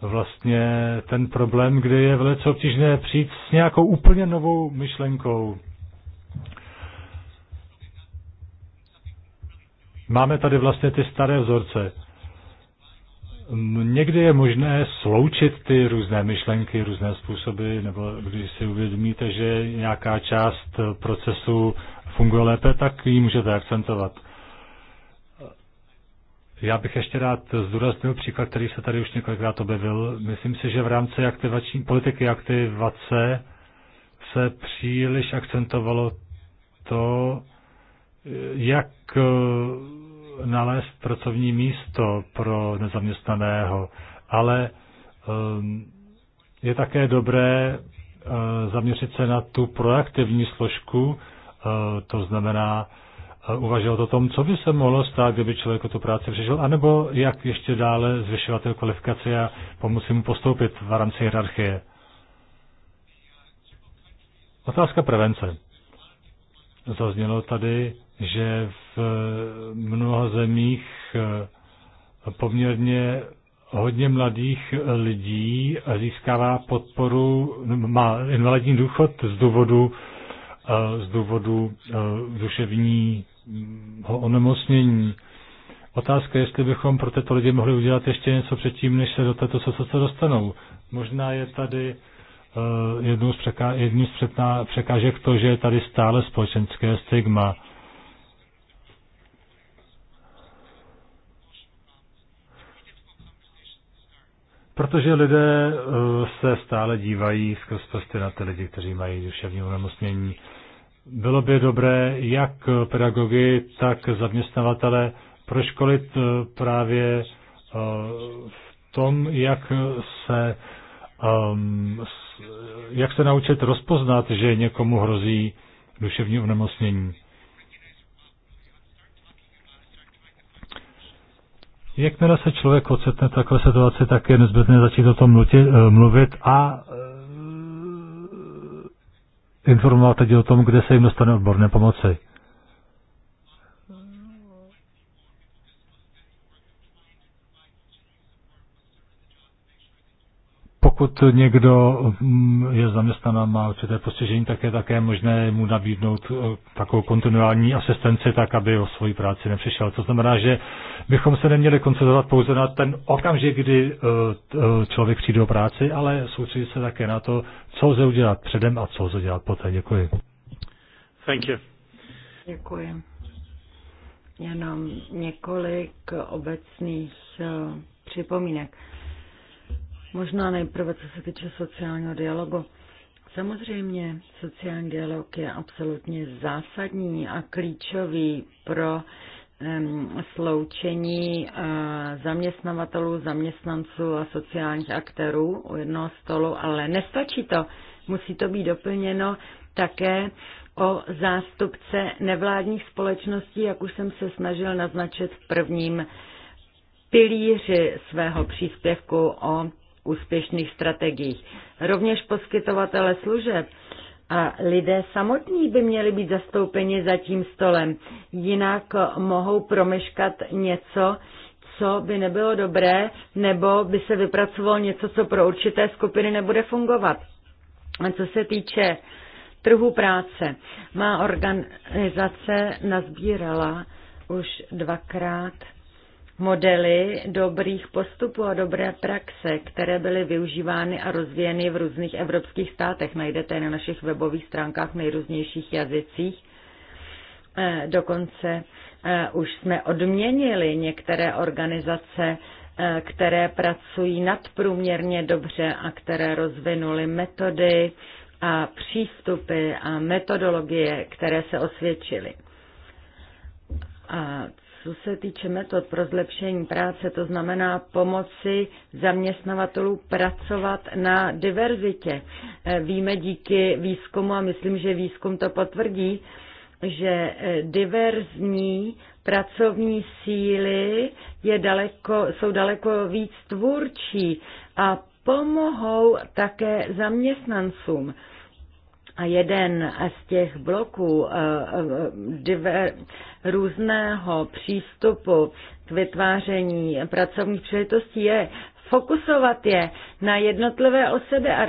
vlastně ten problém, kdy je velice obtížné přijít s nějakou úplně novou myšlenkou. Máme tady vlastně ty staré vzorce. Někdy je možné sloučit ty různé myšlenky, různé způsoby, nebo když si uvědomíte, že nějaká část procesu funguje lépe, tak ji můžete akcentovat. Já bych ještě rád zdůraznil příklad, který se tady už několikrát objevil. Myslím si, že v rámci aktivační, politiky aktivace se příliš akcentovalo to, jak nalézt pracovní místo pro nezaměstnaného, ale ehm, je také dobré eh, zaměřit se na tu proaktivní složku, eh, to znamená eh, uvažovat o tom, co by se mohlo stát, kdyby člověk o tu práci přišel, anebo jak ještě dále zvyšovat jeho kvalifikaci a pomoci mu postoupit v rámci hierarchie. Otázka prevence. Zaznělo tady, že v eh, mnoha zemích eh, poměrně hodně mladých eh, lidí získává podporu, má invalidní důchod z důvodu, z důvodu duševního onemocnění. Otázka, jestli bychom pro tyto lidi mohli udělat ještě něco předtím, než se do této situace dostanou. Možná je tady jednou z, z překážek to, že je tady stále společenské stigma. Protože lidé eh, se stále dívají skrz prsty na ty lidi, kteří mají duševní onemocnění. Bylo by dobré jak pedagogy, tak zaměstnavatele proškolit eh, právě eh, v tom, jak se, ehm, jak se naučit rozpoznat, že někomu hrozí duševní onemocnění. Jakmile se člověk ocitne v takové situaci, tak je nezbytné začít o tom eh, mluvit a eh, informovat lidi o tom, kde se jim dostane odborné pomoci. pokud někdo mm, je zaměstnan a má určité postižení, tak je také možné mu nabídnout eh, takovou kontinuální asistenci, tak aby o svoji práci nepřišel. Co znamená, že bychom se neměli koncentrovat pouze na ten okamžik, kdy eh, eh, člověk přijde do práci, ale soustředit se také na to, co lze udělat předem a co lze dělat poté. Děkuji. Thank you. Děkuji. Jenom několik obecných připomínek. Možná nejprve, co se týče sociálního dialogu. Samozřejmě sociální dialog je absolutně zásadní a klíčový pro sloučení eh, zaměstnavatelů, zaměstnanců a sociálních aktérů u jednoho stolu, ale nestačí to. Musí to být doplněno také o zástupce nevládních společností, jak už jsem se snažil naznačit v prvním pilíři svého příspěvku o úspěšných strategiích. Rovněž poskytovatele služeb a lidé samotní by měli být zastoupeni za tím stolem, jinak mohou promeškat něco, co by nebylo dobré, nebo by se vypracovalo něco, co pro určité skupiny nebude fungovat. A co se týče trhu práce, má organizace nazbírala už dvakrát modely dobrých postupů a dobré praxe, které byly využívány a rozvíjeny v různých evropských státech. Najdete na našich webových stránkách v nejrůznějších jazycích. Eh, dokonce eh, už jsme odměnili některé organizace, eh, které pracují nadprůměrně dobře a které rozvinuly metody a přístupy a metodologie, které se osvědčily. A co se týče metod pro zlepšení práce, to znamená pomoci zaměstnavatelů pracovat na diverzitě. Eh, víme díky výzkumu, a myslím, že výzkum to potvrdí, že eh, diverzní pracovní síly je daleko, jsou daleko víc tvůrčí a pomohou také zaměstnancům. A jeden z těch bloků eh, eh, diver, různého přístupu k vytváření pracovních příležitostí je fokusovat je na jednotlivé osoby a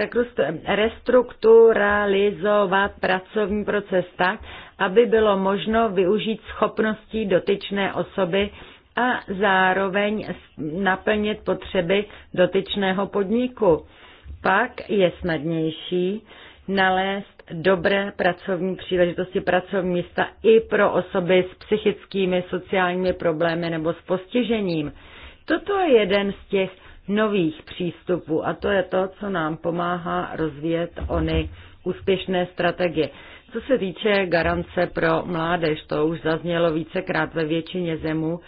restrukturalizovat pracovní proces tak, aby bylo možno využít schopností dotyčné osoby a zároveň naplnit potřeby dotyčného podniku. Pak je snadnější nalézt dobré pracovní příležitosti, pracovní místa i pro osoby s psychickými, sociálními problémy nebo s postižením. Toto je jeden z těch nových přístupů a to je to, co nám pomáhá rozvíjet ony úspěšné strategie. Co se týče garance pro mládež, to už zaznělo vícekrát ve většině zemů,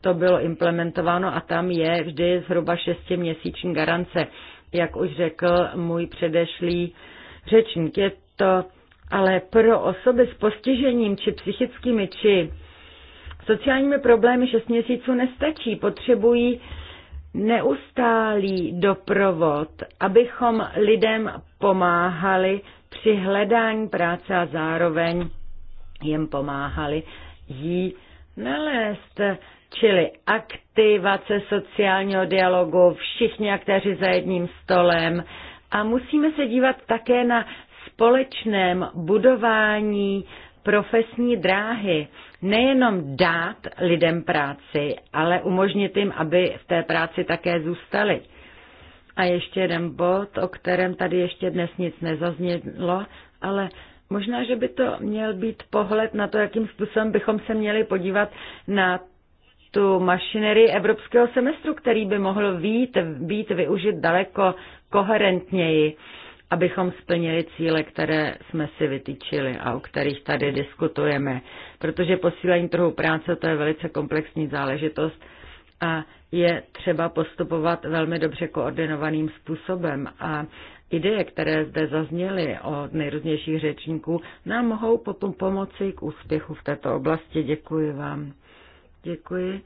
to bylo implementováno a tam je vždy zhruba šestiměsíční garance. Jak už řekl můj předešlý řečník, je to ale pro osoby s postižením či psychickými či sociálními problémy 6 měsíců nestačí. Potřebují neustálý doprovod, abychom lidem pomáhali při hledání práce a zároveň jim pomáhali jí nalézt. Čili aktivace sociálního dialogu, všichni aktéři za jedním stolem. A musíme se dívat také na společném budování profesní dráhy nejenom dát lidem práci, ale umožnit jim, aby v té práci také zůstali. A ještě jeden bod, o kterém tady ještě dnes nic nezaznělo, ale možná, že by to měl být pohled na to, jakým způsobem bychom se měli podívat na tu mašinerii evropského semestru, který by mohl být, být využit daleko koherentněji. Uh, abychom splnili cíle, které jsme si vytyčili a o kterých tady diskutujeme. Protože posílení trhu práce to je velice komplexní záležitost a je třeba postupovat velmi dobře koordinovaným způsobem. A ideje, které zde zazněly od nejrůznějších řečníků, nám mohou potom pomoci k úspěchu v této oblasti. Děkuji vám. Děkuji.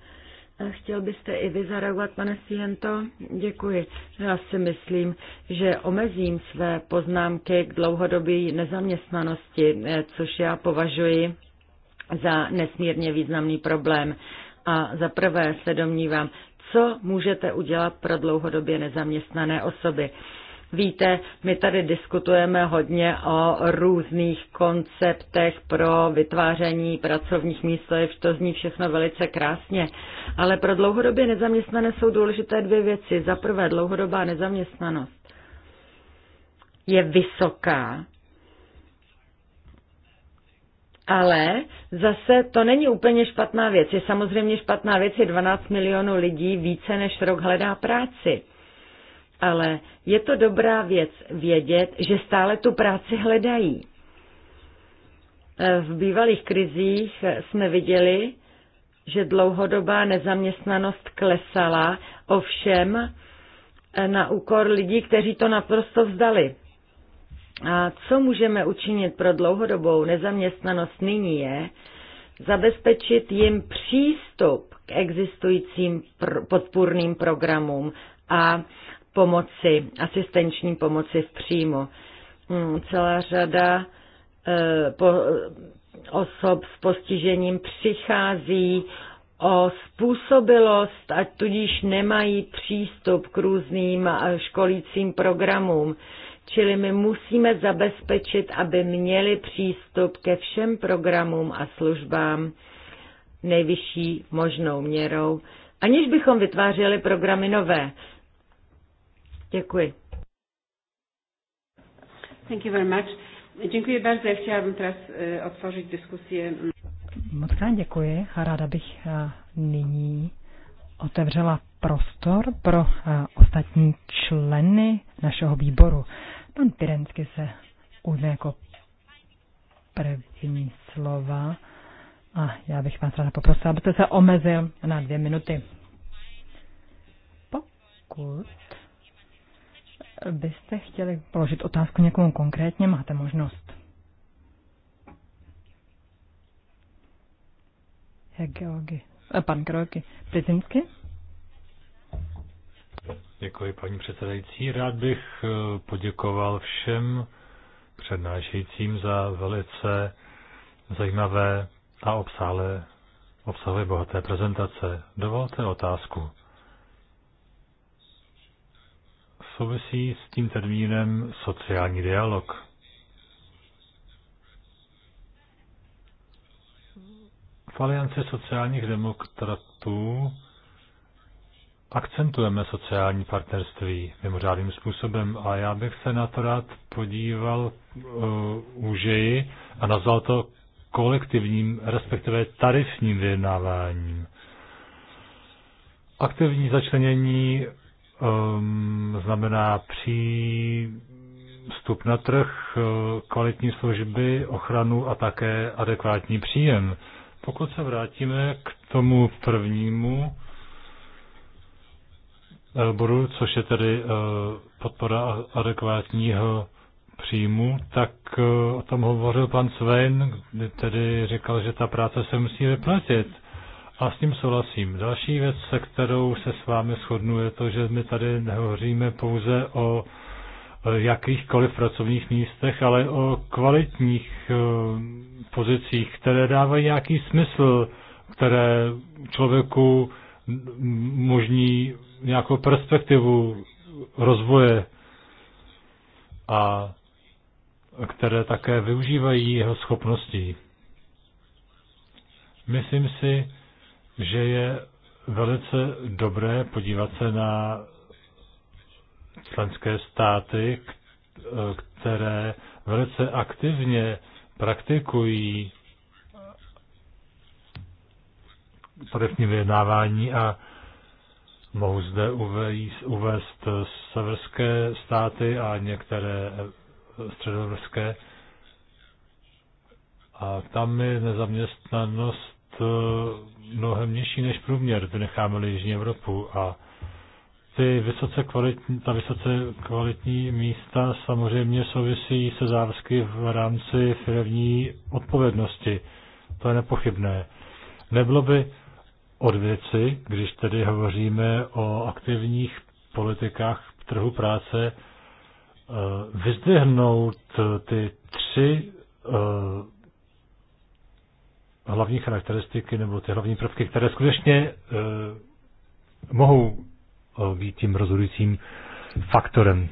Chtěl byste i vy zareagovat, pane Siento? Děkuji. Já si myslím, že omezím své poznámky k dlouhodobé nezaměstnanosti, eh, což já považuji za nesmírně významný problém. A za prvé se domnívám, co můžete udělat pro dlouhodobě nezaměstnané osoby. Víte, my tady diskutujeme hodně o různých konceptech pro vytváření pracovních míst, to zní všechno velice krásně, ale pro dlouhodobě nezaměstnané jsou důležité dvě věci. Za prvé, dlouhodobá nezaměstnanost je vysoká, ale zase to není úplně špatná věc. Je samozřejmě špatná věc, je 12 milionů lidí více než rok hledá práci ale je to dobrá věc vědět, že stále tu práci hledají. Eh, v bývalých krizích jsme viděli, že dlouhodobá nezaměstnanost klesala, ovšem eh, na úkor lidí, kteří to naprosto vzdali. A co můžeme učinit pro dlouhodobou nezaměstnanost nyní je, zabezpečit jim přístup k existujícím podpůrným programům a pomoci, asistenční pomoci v příjmu. Hmm, celá řada eh, osob s postižením přichází o způsobilost a tudíž nemají přístup k různým eh, školícím programům. Čili my musíme zabezpečit, aby měli přístup ke všem programům a službám nejvyšší možnou měrou, aniž bychom vytvářeli programy nové. Děkuji. Thank you very much. Děkuji bardzo. Chtěla bych teraz eh, otvořit diskusi. Moc krát děkuji a ráda bych eh, nyní otevřela prostor pro eh, ostatní členy našeho výboru. Pan Pirensky se ujme jako první slova a já bych vás ráda poprosila, abyste se omezil na dvě minuty. Pokud byste chtěli položit otázku někomu konkrétně, máte možnost. Georgi. Eh, pan Georgi Plzeňsky. Děkuji, paní předsedající. Rád bych eh, poděkoval všem přednášejícím za velice zajímavé a obsáhlé, obsahové bohaté prezentace. Dovolte otázku. souvisí s tím termínem sociální dialog. V Alianci sociálních demokratů akcentujeme sociální partnerství mimořádným způsobem a já bych se na to rád podíval uh, úžeji a nazval to kolektivním, respektive tarifním vyjednáváním. Aktivní začlenění um, znamená přístup na trh, uh, kvalitní služby, ochranu a také adekvátní příjem. Pokud se vrátíme k tomu prvnímu uh, bodu, což je tedy uh, podpora adekvátního příjmu, tak o tom hovořil pan Svein, kdy tedy říkal, že ta práce se musí vyplatit. A s tím souhlasím. Další věc, se kterou se s vámi shodnu, je to, že my tady nehovoříme pouze o e, jakýchkoliv pracovních místech, ale o kvalitních e, pozicích, které dávají nějaký smysl, které člověku možní nějakou perspektivu rozvoje a které také využívají jeho schopností. Myslím si, že je velice dobré podívat se na členské státy, které velice aktivně praktikují tarifní vyjednávání a mohu zde uvést, uvést severské státy a některé středoevropské. A tam je nezaměstnanost mnohem nižší než průměr, vynecháme-li Jižní Evropu a ty vysoce kvalitní, ta vysoce kvalitní místa samozřejmě souvisí se závazky v rámci firmní odpovědnosti. To je nepochybné. Nebylo by od věci, když tedy hovoříme o aktivních politikách trhu práce, eh, vyzdvihnout ty tři eh, hlavní charakteristiky nebo ty hlavní prvky, které skutečně e, mohou eh, být tím rozhodujícím faktorem.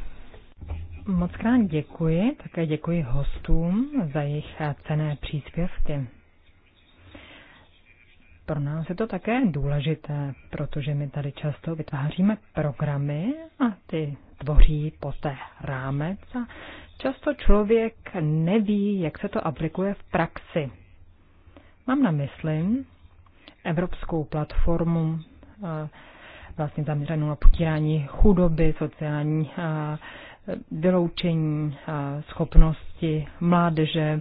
Moc krát děkuji, také děkuji hostům za jejich cené příspěvky. Pro nás je to také důležité, protože my tady často vytváříme programy a ty tvoří poté rámec a často člověk neví, jak se to aplikuje v praxi. Mám na mysli evropskou platformu eh, vlastně zaměřenou na potírání chudoby, sociální eh, vyloučení, eh, schopnosti mládeže,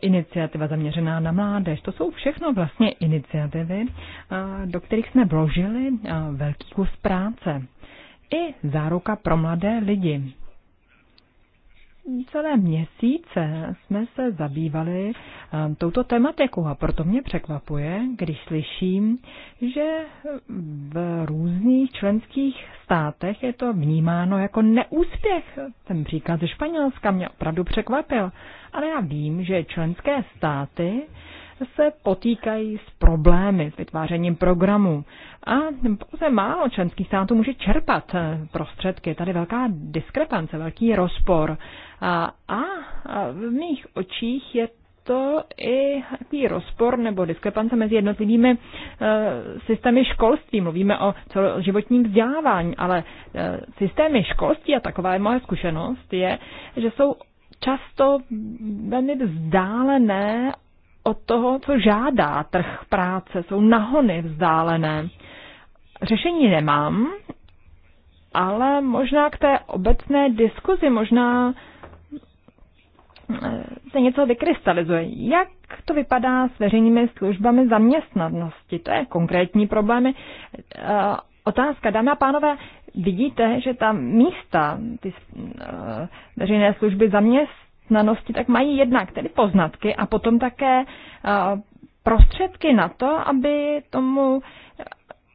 iniciativa zaměřená na mládež. To jsou všechno vlastně iniciativy, do kterých jsme vložili velký kus práce. I záruka pro mladé lidi celé měsíce jsme se zabývali eh, touto tematikou a proto mě překvapuje, když slyším, že v různých členských státech je to vnímáno jako neúspěch. Ten příklad ze Španělska mě opravdu překvapil, ale já vím, že členské státy se potýkají s problémy, s vytvářením programů. A pouze málo členských států může čerpat eh, prostředky. Je tady velká diskrepance, velký rozpor. A, a v mých očích je to i takový rozpor nebo diskrepance mezi jednotlivými e, systémy školství. Mluvíme o celoživotním vzdělávání, ale e, systémy školství, a taková je moje zkušenost, je, že jsou často velmi vzdálené od toho, co žádá trh práce, jsou nahony vzdálené. Řešení nemám, ale možná k té obecné diskuzi, možná eh, se něco vykrystalizuje. Jak to vypadá s veřejnými službami zaměstnanosti? To je konkrétní problémy. Eh, otázka, dámy a pánové, vidíte, že ta místa, ty eh, veřejné služby zaměst zaměstnanosti, tak mají jednak tedy poznatky a potom také eh, prostředky na to, aby tomu eh,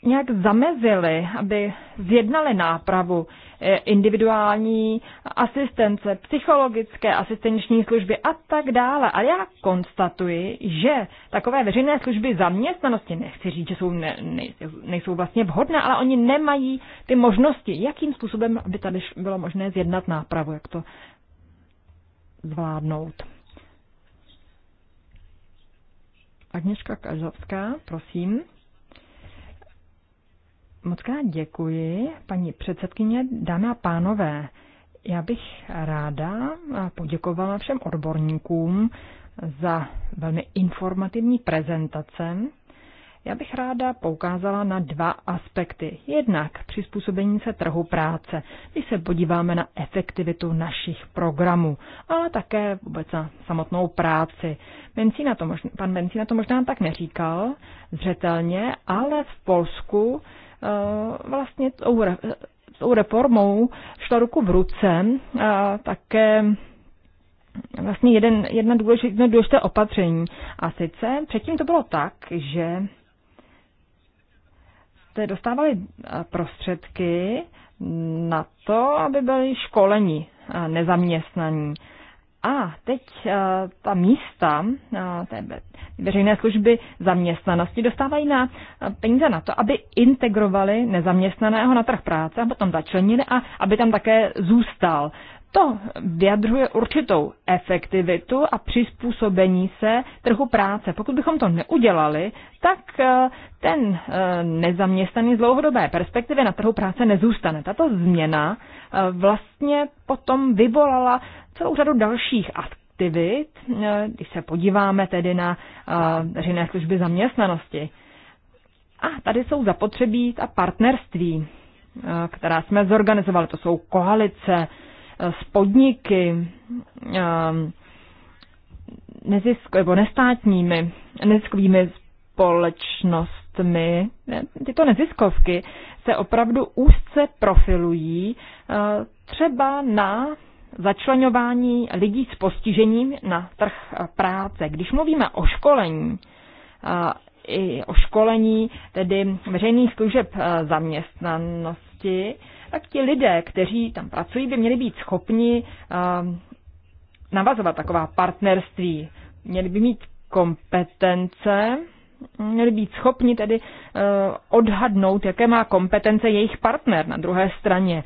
nějak zamezili, aby zjednali nápravu eh, individuální asistence, psychologické asistenční služby a tak dále. A já konstatuji, že takové veřejné služby zaměstnanosti, nechci říct, že jsou ne, nejsou, nejsou vlastně vhodné, ale oni nemají ty možnosti, jakým způsobem by tady bylo možné zjednat nápravu, jak to zvládnout. Agněška Kažovská, prosím. Moc krát děkuji, paní předsedkyně, dámy a pánové. Já bych ráda poděkovala všem odborníkům za velmi informativní prezentace já bych ráda poukázala na dva aspekty. Jednak přizpůsobení se trhu práce, když se podíváme na efektivitu našich programů, ale také vůbec na samotnou práci. Mencína to možná, pan Mencína to možná tak neříkal zřetelně, ale v Polsku eh, vlastně tou, tou reformou šla ruku v ruce a eh, také vlastně jeden, jedna důležité, jedno důležité opatření. A sice předtím to bylo tak, že jste dostávali eh, prostředky na to, aby byli školeni eh, nezaměstnaní. A teď eh, ta místa té veřejné služby zaměstnanosti dostávají na peníze na to, aby integrovali nezaměstnaného na trh práce a potom začlenili a aby tam také zůstal. To vyjadřuje určitou efektivitu a přizpůsobení se trhu práce. Pokud bychom to neudělali, tak eh, ten eh, nezaměstnaný z dlouhodobé perspektivy na trhu práce nezůstane. Tato změna eh, vlastně potom vyvolala celou řadu dalších aktivit, když se podíváme tedy na veřejné služby zaměstnanosti. A tady jsou zapotřebí ta partnerství, která jsme zorganizovali. To jsou koalice, s podniky, ehm, nezisk, nebo nestátními, neziskovými společnostmi. Tyto neziskovky se opravdu úzce profilují eh, třeba na začlenování lidí s postižením na trh práce. Když mluvíme o školení, eh, i o školení tedy veřejných služeb eh, zaměstnanost, činnosti, tak ti lidé, kteří tam pracují, by měli být schopni ehm, navazovat taková partnerství. Měli by mít kompetence, měli být schopni tedy eh, odhadnout, jaké má kompetence jejich partner na druhé straně.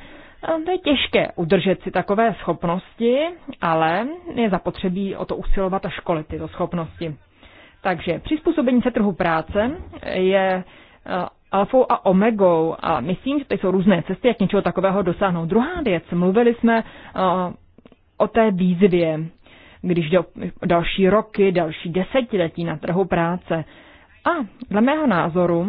Ehm, to je těžké udržet si takové schopnosti, ale je zapotřebí o to usilovat a školit tyto schopnosti. Takže přizpůsobení se trhu práce je eh, alfou a omegou a myslím, že to jsou různé cesty, jak něčeho takového dosáhnout. Druhá věc, mluvili jsme uh, o té výzvě, když o další roky, další desetiletí na trhu práce. A dle mého názoru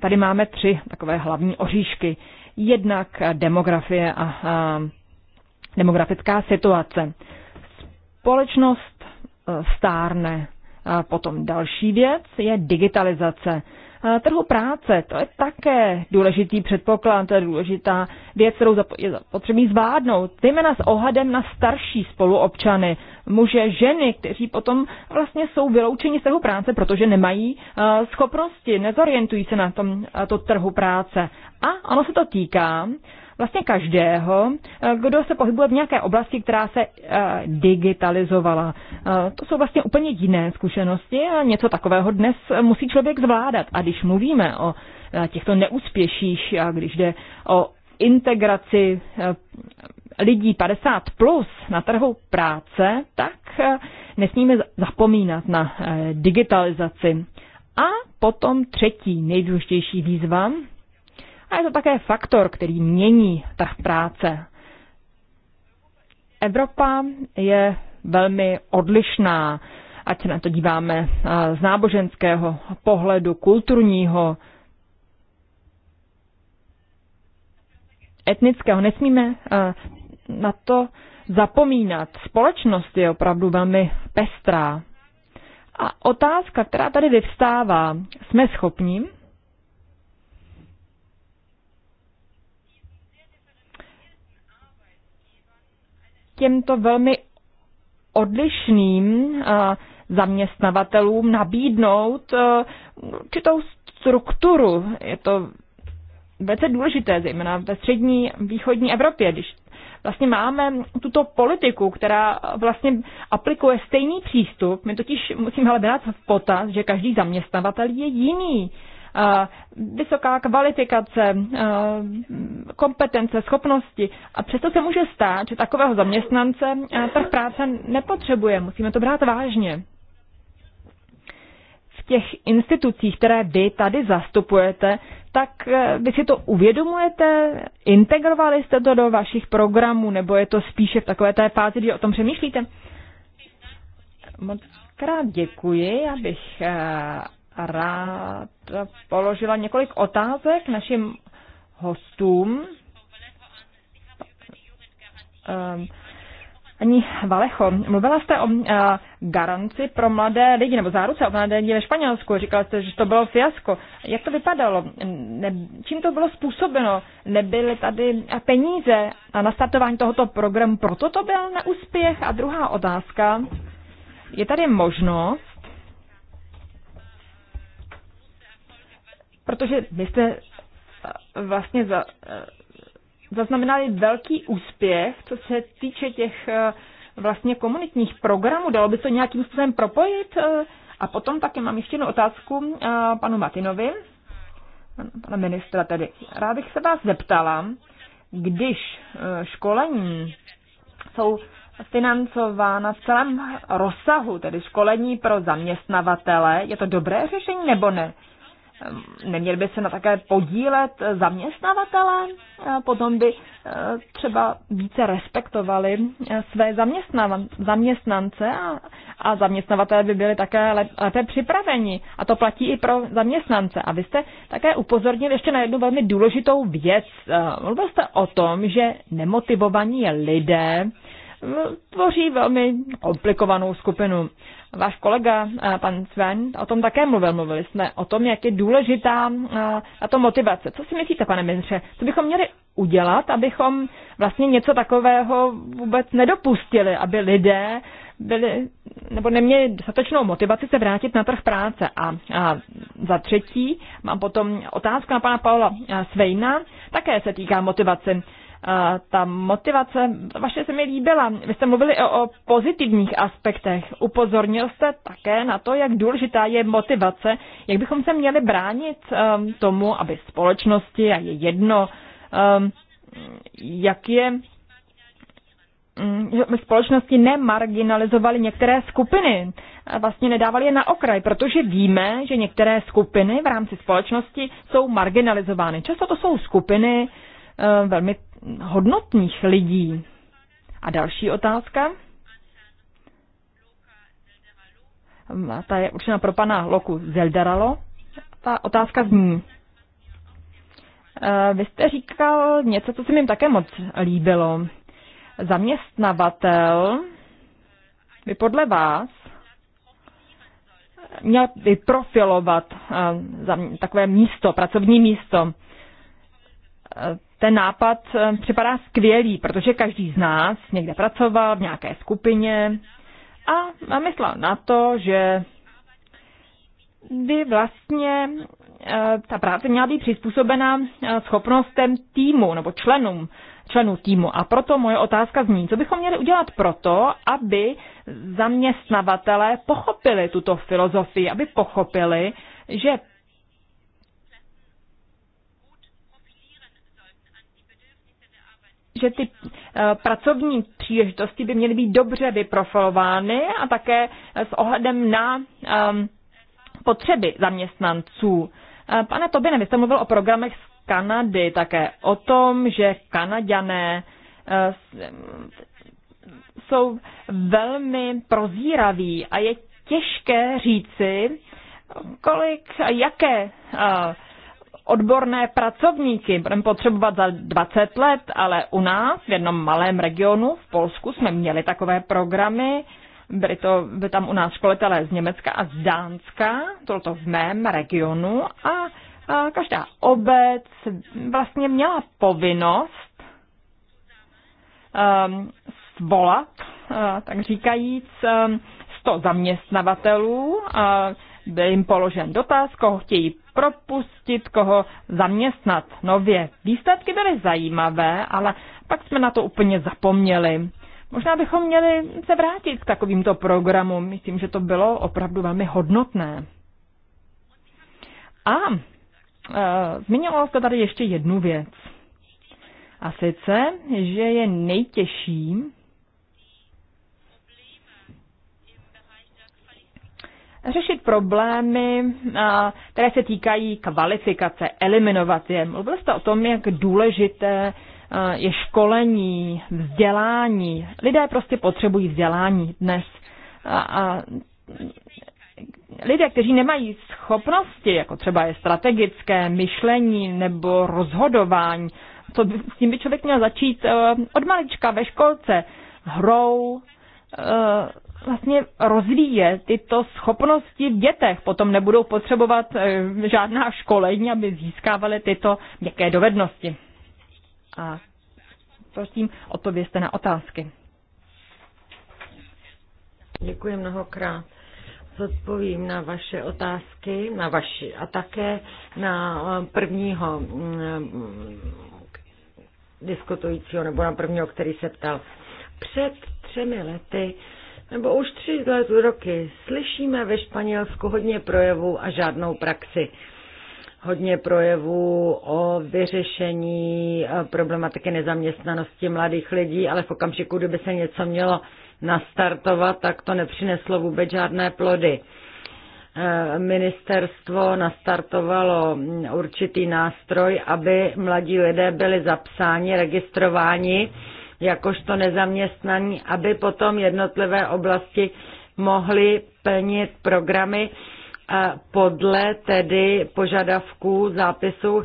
tady máme tři takové hlavní oříšky. Jednak demografie a, a demografická situace. Společnost eh, stárne. A potom další věc je digitalizace trhu práce, to je také důležitý předpoklad, to je důležitá věc, kterou je potřebný zvládnout, zejména s ohledem na starší spoluobčany, muže, ženy, kteří potom vlastně jsou vyloučeni z trhu práce, protože nemají schopnosti, nezorientují se na tom to trhu práce. A ono se to týká vlastně každého, eh, kdo se pohybuje v nějaké oblasti, která se eh, digitalizovala. Eh, to jsou vlastně úplně jiné zkušenosti a něco takového dnes musí člověk zvládat. A když mluvíme o těchto neúspěších a když jde o integraci lidí 50 plus na trhu práce, tak nesmíme zapomínat na digitalizaci. A potom třetí nejdůležitější výzva, a je to také faktor, který mění trh práce. Evropa je velmi odlišná, ať se na to díváme z náboženského pohledu, kulturního, etnického. Nesmíme na to zapomínat. Společnost je opravdu velmi pestrá. A otázka, která tady vyvstává, jsme schopní těmto velmi odlišným eh, zaměstnavatelům nabídnout eh, určitou strukturu. Je to velice důležité, zejména ve střední východní Evropě, když vlastně máme tuto politiku, která vlastně aplikuje stejný přístup. My totiž musíme ale brát v potaz, že každý zaměstnavatel je jiný vysoká kvalifikace, kompetence, schopnosti. A přesto se může stát, že takového zaměstnance trh práce nepotřebuje. Musíme to brát vážně. V těch institucích, které vy tady zastupujete, tak e, vy si to uvědomujete, integrovali jste to do vašich programů, nebo je to spíše v takové té fázi, kdy o tom přemýšlíte? Moc krát děkuji, abych rád položila několik otázek našim hostům. Ehm, Ani Valecho, mluvila jste o eh, garanci pro mladé lidi, nebo záruce o mladé lidi ve Španělsku. Říkala jste, že to bylo fiasko. Jak to vypadalo? Ne, čím to bylo způsobeno? Nebyly tady peníze a nastartování tohoto programu? Proto to byl neúspěch? A druhá otázka. Je tady možnost, protože vy jste eh, vlastně za, eh, zaznamenali velký úspěch, co se týče těch eh, vlastně komunitních programů. Dalo by se to nějakým způsobem propojit? A potom taky mám ještě jednu otázku panu Matinovi, pana ministra tedy. Rád bych se vás zeptala, když školení jsou financována v celém rozsahu, tedy školení pro zaměstnavatele, je to dobré řešení nebo ne? Ehm, Neměl by se na také podílet zaměstnavatele, potom by e, třeba více respektovali e, své zaměstnance a, a zaměstnavatele by byli také lépe připraveni. A to platí i pro zaměstnance. A vy jste také upozornil ještě na jednu velmi důležitou věc. E, mluvil jste o tom, že nemotivovaní lidé No, tvoří velmi komplikovanou skupinu. Váš kolega, eh, pan Sven, o tom také mluvil. Mluvili jsme o tom, jak je důležitá eh, a to motivace. Co si myslíte, pane ministře, co bychom měli udělat, abychom vlastně něco takového vůbec nedopustili, aby lidé byli, nebo neměli dostatečnou motivaci se vrátit na trh práce. A, a za třetí mám potom otázku na pana Paula eh, Svejna, také se týká motivace ta motivace vaše se mi líbila. Vy jste mluvili o, o pozitivních aspektech. Upozornil jste také na to, jak důležitá je motivace, jak bychom se měli bránit um, tomu, aby společnosti, a je jedno, um, jak je mm, že společnosti nemarginalizovaly některé skupiny, vlastně nedávali je na okraj, protože víme, že některé skupiny v rámci společnosti jsou marginalizovány. Často to jsou skupiny um, velmi hodnotných lidí. A další otázka. A ta je určena pro pana Loku Zeldaralo. Ta otázka zní. Eh, vy jste říkal něco, co se mi také moc líbilo. Zaměstnavatel by podle vás měl vyprofilovat eh, takové místo, pracovní místo ten nápad eh, připadá skvělý, protože každý z nás někde pracoval v nějaké skupině a myslel na to, že by vlastně eh, ta práce měla být přizpůsobena eh, schopnostem týmu nebo členům členů týmu. A proto moje otázka zní, co bychom měli udělat proto, aby zaměstnavatele pochopili tuto filozofii, aby pochopili, že že ty eh, pracovní příležitosti by měly být dobře vyprofilovány a také s ohledem na ehm, potřeby zaměstnanců. Eh, pane Tobine, vy jste mluvil o programech z Kanady, také o tom, že Kanaďané eh, jsou velmi prozíraví a je těžké říci, kolik a jaké odborné pracovníky. Budeme potřebovat za 20 let, ale u nás v jednom malém regionu v Polsku jsme měli takové programy. Byli to by tam u nás školitelé z Německa a z Dánska, bylo to v mém regionu a, a každá obec vlastně měla povinnost um, svolat, uh, tak říkajíc, um, ehm, 100 zaměstnavatelů, uh, byl jim položen dotaz, koho chtějí propustit, koho zaměstnat nově. Výsledky byly zajímavé, ale pak jsme na to úplně zapomněli. Možná bychom měli se vrátit k takovýmto programům. Myslím, že to bylo opravdu velmi hodnotné. A e, zmínilo se tady ještě jednu věc. A sice, že je nejtěžší řešit problémy, které se týkají kvalifikace, eliminovat je. Mluvil jste o tom, jak důležité je školení, vzdělání. Lidé prostě potřebují vzdělání dnes. A, a lidé, kteří nemají schopnosti, jako třeba je strategické myšlení nebo rozhodování, to, by s tím by člověk měl začít e, od malička ve školce, hrou, e, vlastně rozvíje tyto schopnosti v dětech. Potom nebudou potřebovat eh, žádná školení, aby získávali tyto měkké dovednosti. A prosím, odpovězte na otázky. Děkuji mnohokrát. Zodpovím na vaše otázky, na vaši a také na eh, prvního mm, eh, diskutujícího nebo na prvního, který se ptal. Před třemi lety nebo už tři roky slyšíme ve Španělsku hodně projevů a žádnou praxi. Hodně projevů o vyřešení eh, problematiky nezaměstnanosti mladých lidí, ale v okamžiku, kdyby se něco mělo nastartovat, tak to nepřineslo vůbec žádné plody. Eh, ministerstvo nastartovalo mm, určitý nástroj, aby mladí lidé byli zapsáni, registrováni jakožto nezaměstnaní, aby potom jednotlivé oblasti mohly plnit programy e, podle tedy požadavků zápisů, e,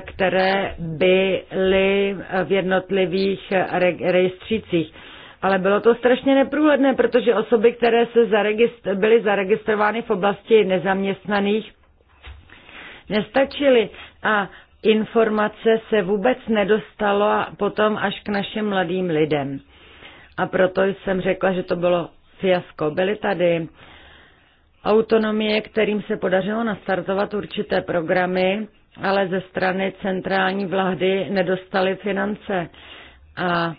které byly v jednotlivých rejstřících. Ale bylo to strašně neprůhledné, protože osoby, které se zaregistr- byly zaregistrovány v oblasti nezaměstnaných, nestačily. A informace se vůbec nedostalo potom až k našim mladým lidem. A proto jsem řekla, že to bylo fiasko. Byly tady autonomie, kterým se podařilo nastartovat určité programy, ale ze strany centrální vlády nedostali finance. A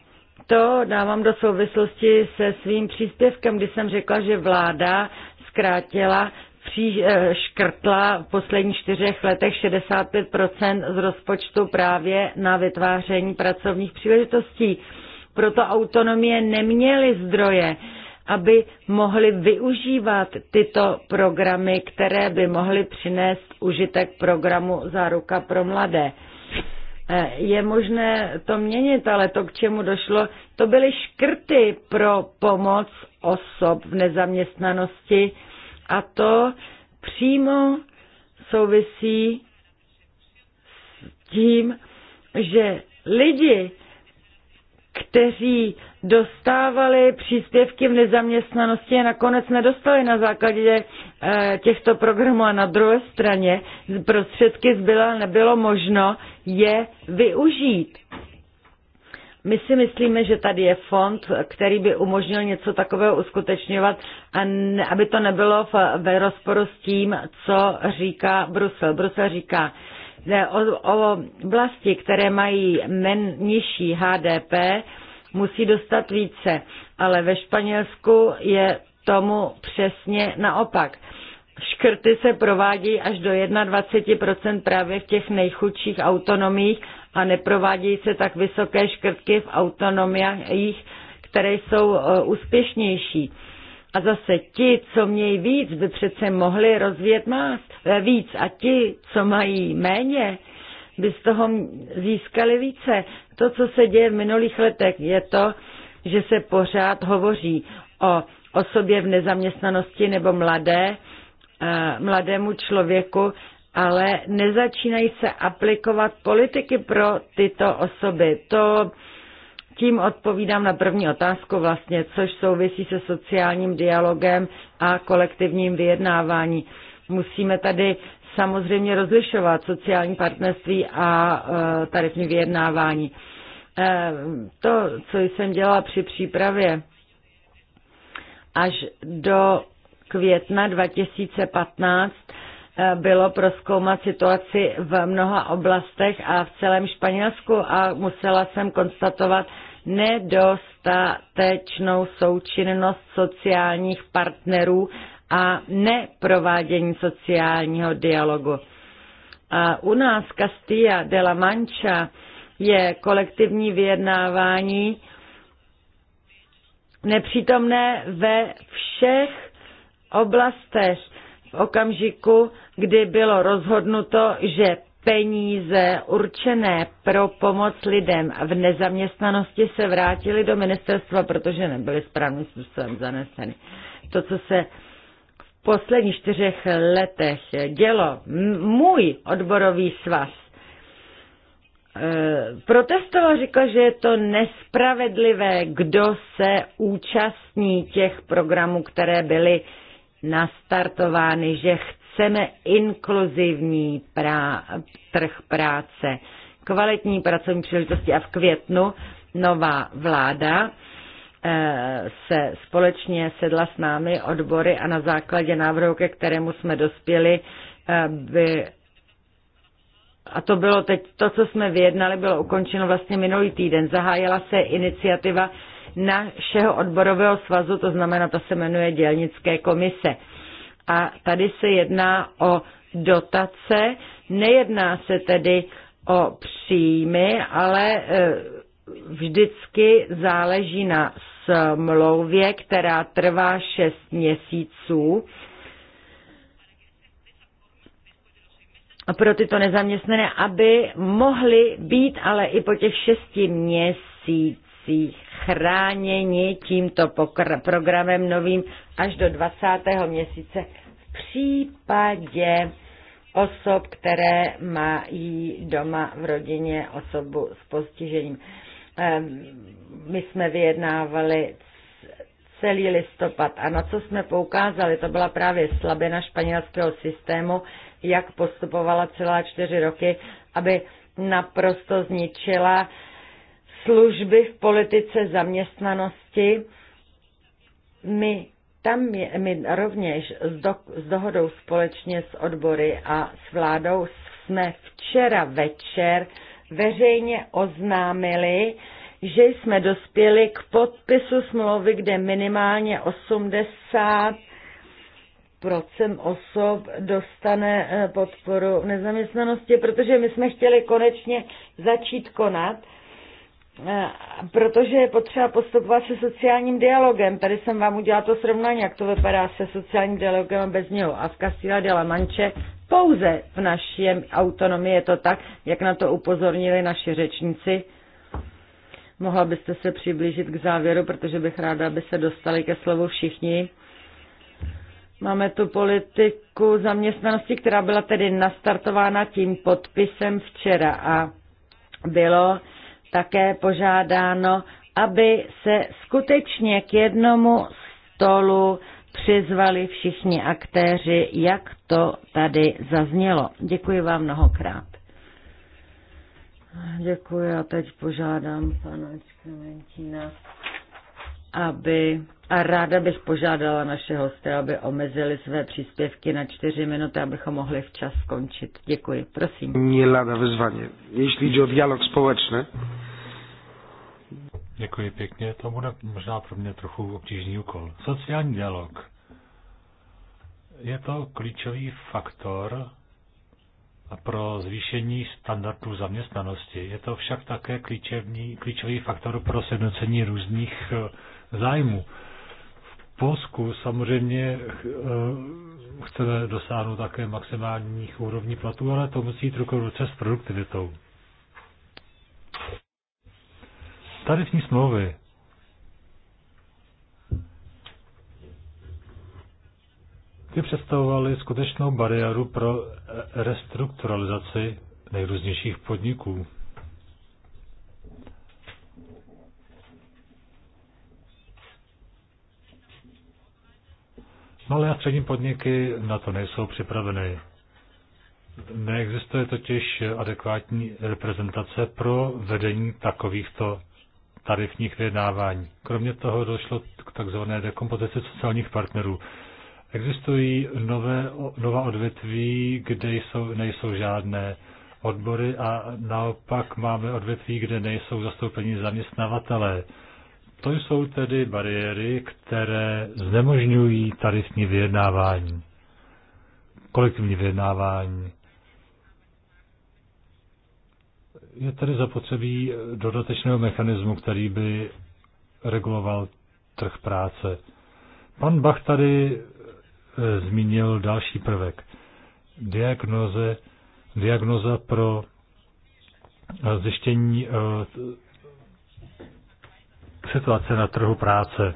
to dávám do souvislosti se svým příspěvkem, kdy jsem řekla, že vláda zkrátila pří, eh, škrtla v posledních čtyřech letech 65% z rozpočtu právě na vytváření pracovních příležitostí. Proto autonomie neměly zdroje, aby mohly využívat tyto programy, které by mohly přinést užitek programu Záruka pro mladé. Eh, je možné to měnit, ale to, k čemu došlo, to byly škrty pro pomoc osob v nezaměstnanosti, a to přímo souvisí s tím, že lidi, kteří dostávali příspěvky v nezaměstnanosti a nakonec nedostali na základě eh, těchto programů a na druhé straně prostředky zbyla nebylo možno je využít. My si myslíme, že tady je fond, který by umožnil něco takového uskutečňovat, a ne, aby to nebylo v, ve rozporu s tím, co říká Brusel. Brusel říká, že o, o oblasti, které mají men, nižší HDP, musí dostat více, ale ve Španělsku je tomu přesně naopak. Škrty se provádějí až do 21% právě v těch nejchudších autonomích a neprovádějí se tak vysoké škrtky v autonomiích, které jsou e, úspěšnější. A zase ti, co mějí víc, by přece mohli rozvíjet más, e, víc a ti, co mají méně, by z toho získali více. To, co se děje v minulých letech, je to, že se pořád hovoří o osobě v nezaměstnanosti nebo mladé, e, mladému člověku ale nezačínají se aplikovat politiky pro tyto osoby. To tím odpovídám na první otázku vlastně, což souvisí se sociálním dialogem a kolektivním vyjednávání. Musíme tady samozřejmě rozlišovat sociální partnerství a e, tarifní vyjednávání. E, to, co jsem dělala při přípravě až do května 2015, Eh, bylo proskoumat situaci v mnoha oblastech a v celém Španělsku a musela jsem konstatovat nedostatečnou součinnost sociálních partnerů a neprovádění sociálního dialogu. A u nás Castilla de la Mancha je kolektivní vyjednávání nepřítomné ve všech oblastech v okamžiku, kdy bylo rozhodnuto, že peníze určené pro pomoc lidem v nezaměstnanosti se vrátily do ministerstva, protože nebyly správným způsobem zaneseny. To, co se v posledních čtyřech letech dělo, můj odborový svaz eh, protestoval, říkal, že je to nespravedlivé, kdo se účastní těch programů, které byly nastartovány, že chceme inkluzivní prá- trh práce, kvalitní pracovní příležitosti a v květnu nová vláda eh, se společně sedla s námi odbory a na základě návrhu, ke kterému jsme dospěli, eh, by a to bylo teď, to, co jsme vyjednali, bylo ukončeno vlastně minulý týden. Zahájila se iniciativa našeho odborového svazu, to znamená, to se jmenuje dělnické komise. A tady se jedná o dotace, nejedná se tedy o příjmy, ale e, vždycky záleží na smlouvě, která trvá 6 měsíců. pro tyto nezaměstnané, aby mohli být ale i po těch šesti měsících pracující chráněni tímto pokr- programem novým až do 20. měsíce v případě osob, které mají doma v rodině osobu s postižením. Ehm, my jsme vyjednávali celý listopad a na co jsme poukázali, to byla právě slabina španělského systému, jak postupovala celá čtyři roky, aby naprosto zničila služby v politice zaměstnanosti. My tam je, my rovněž s, do, s dohodou společně s odbory a s vládou jsme včera večer veřejně oznámili, že jsme dospěli k podpisu smlouvy, kde minimálně 80 procent osob dostane eh, podporu v nezaměstnanosti, protože my jsme chtěli konečně začít konat Eh, protože je potřeba postupovat se sociálním dialogem. Tady jsem vám udělala to srovnání, jak to vypadá se sociálním dialogem a bez něho. A v Castilla de la Manche pouze v naší autonomii je to tak, jak na to upozornili naši řečníci. Mohla byste se přiblížit k závěru, protože bych ráda, aby se dostali ke slovu všichni. Máme tu politiku zaměstnanosti, která byla tedy nastartována tím podpisem včera a bylo také požádáno, aby se skutečně k jednomu stolu přizvali všichni aktéři, jak to tady zaznělo. Děkuji vám mnohokrát. Děkuji a teď požádám pana Klementína, aby a ráda bych požádala naše hosty, aby omezili své příspěvky na čtyři minuty, abychom mohli včas skončit. Děkuji. Prosím. Měla na vyzvaně. Jestli jde o dialog společný, Děkuji pěkně. To bude možná pro mě trochu obtížný úkol. Sociální dialog. Je to klíčový faktor pro zvýšení standardů zaměstnanosti. Je to však také klíčový, klíčový faktor pro sjednocení různých eh, zájmů. V Polsku samozřejmě eh, chceme dosáhnout také maximálních úrovní platů, ale to musí jít ruku ruce s produktivitou. tarifní smlouvy. Ty představovaly skutečnou bariéru pro restrukturalizaci nejrůznějších podniků. Malé a střední podniky na to nejsou připraveny. Neexistuje totiž adekvátní reprezentace pro vedení takovýchto tarifních vyjednávání. Kromě toho došlo k takzvané dekompozici sociálních partnerů. Existují nové, nová odvětví, kde jsou, nejsou žádné odbory a naopak máme odvětví, kde nejsou zastoupení zaměstnavatelé. To jsou tedy bariéry, které znemožňují tarifní vyjednávání, kolektivní vyjednávání. Je tedy zapotřebí dodatečného mechanismu, který by reguloval trh práce. Pan Bach tady e, zmínil další prvek. Diagnoze, diagnoza pro e, zjištění e, situace na trhu práce.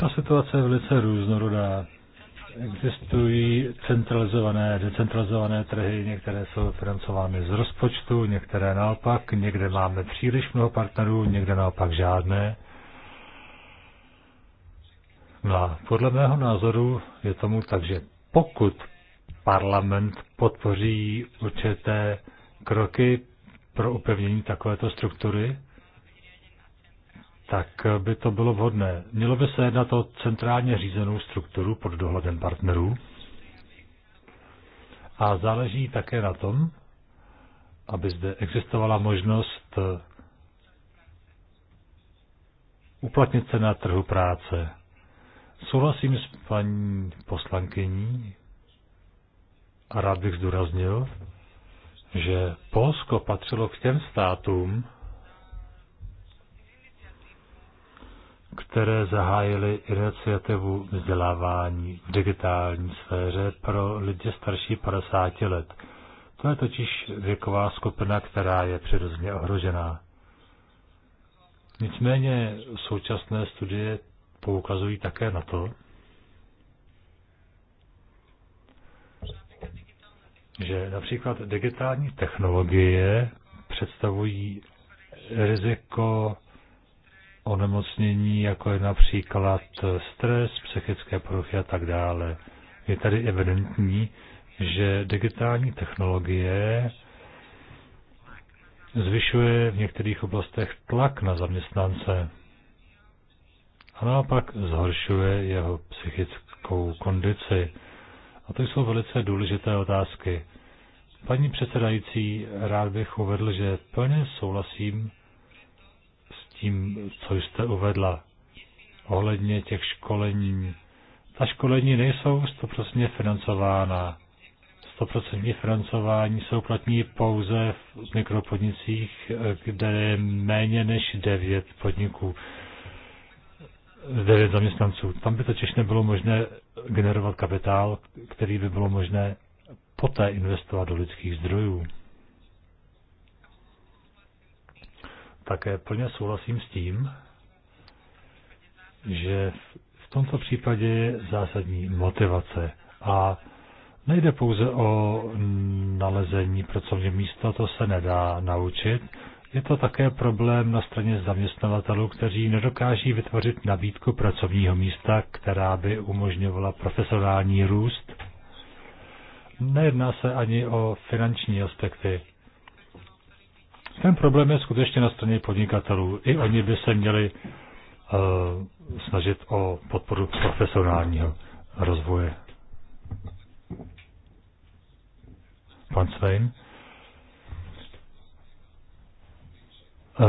Ta situace je velice různorodá. Existují centralizované, decentralizované trhy, některé jsou financovány z rozpočtu, některé naopak, někde máme příliš mnoho partnerů, někde naopak žádné. No a podle mého názoru je tomu tak, že pokud parlament podpoří určité kroky pro upevnění takovéto struktury, tak by to bylo vhodné. Mělo by se jednat o centrálně řízenou strukturu pod dohledem partnerů a záleží také na tom, aby zde existovala možnost eh, uplatnit se na trhu práce. Souhlasím s paní poslankyní a rád bych zdůraznil, že Polsko patřilo k těm státům, které zahájily iniciativu vzdělávání v digitální sféře pro lidi starší 50 let. To je totiž věková skupina, která je přirozeně ohrožená. Nicméně současné studie poukazují také na to, že například digitální technologie představují riziko onemocnění, jako je například stres, psychické poruchy a tak dále. Je tady evidentní, že digitální technologie zvyšuje v některých oblastech tlak na zaměstnance a naopak zhoršuje jeho psychickou kondici. A to jsou velice důležité otázky. Paní předsedající, rád bych uvedl, že plně souhlasím tím, co jste uvedla ohledně těch školení. Ta školení nejsou stoprocentně financována. Stoprocentní financování se uplatní pouze v mikropodnicích, kde je méně než 9 podniků, 9 zaměstnanců. Tam by totiž nebylo možné generovat kapitál, který by bylo možné poté investovat do lidských zdrojů. Také plně souhlasím s tím, že v tomto případě je zásadní motivace a nejde pouze o nalezení pracovního místa, to se nedá naučit. Je to také problém na straně zaměstnavatelů, kteří nedokáží vytvořit nabídku pracovního místa, která by umožňovala profesionální růst. Nejedná se ani o finanční aspekty. Ten problém je skutečně na straně podnikatelů. I oni by se měli uh, snažit o podporu profesionálního rozvoje. Pan Svein. Uh,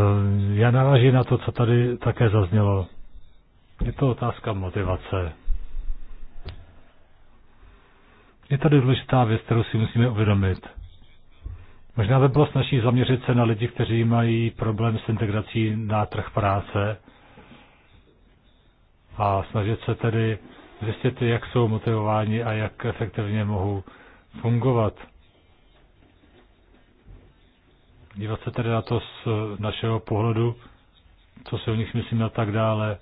já navážím na to, co tady také zaznělo. Je to otázka motivace. Je tady důležitá věc, kterou si musíme uvědomit. Možná by bylo snažší zaměřit se na lidi, kteří mají problém s integrací na trh práce a snažit se tedy zjistit, jak jsou motivováni a jak efektivně mohou fungovat. Dívat se tedy na to z našeho pohledu, co si o nich myslím a tak dále.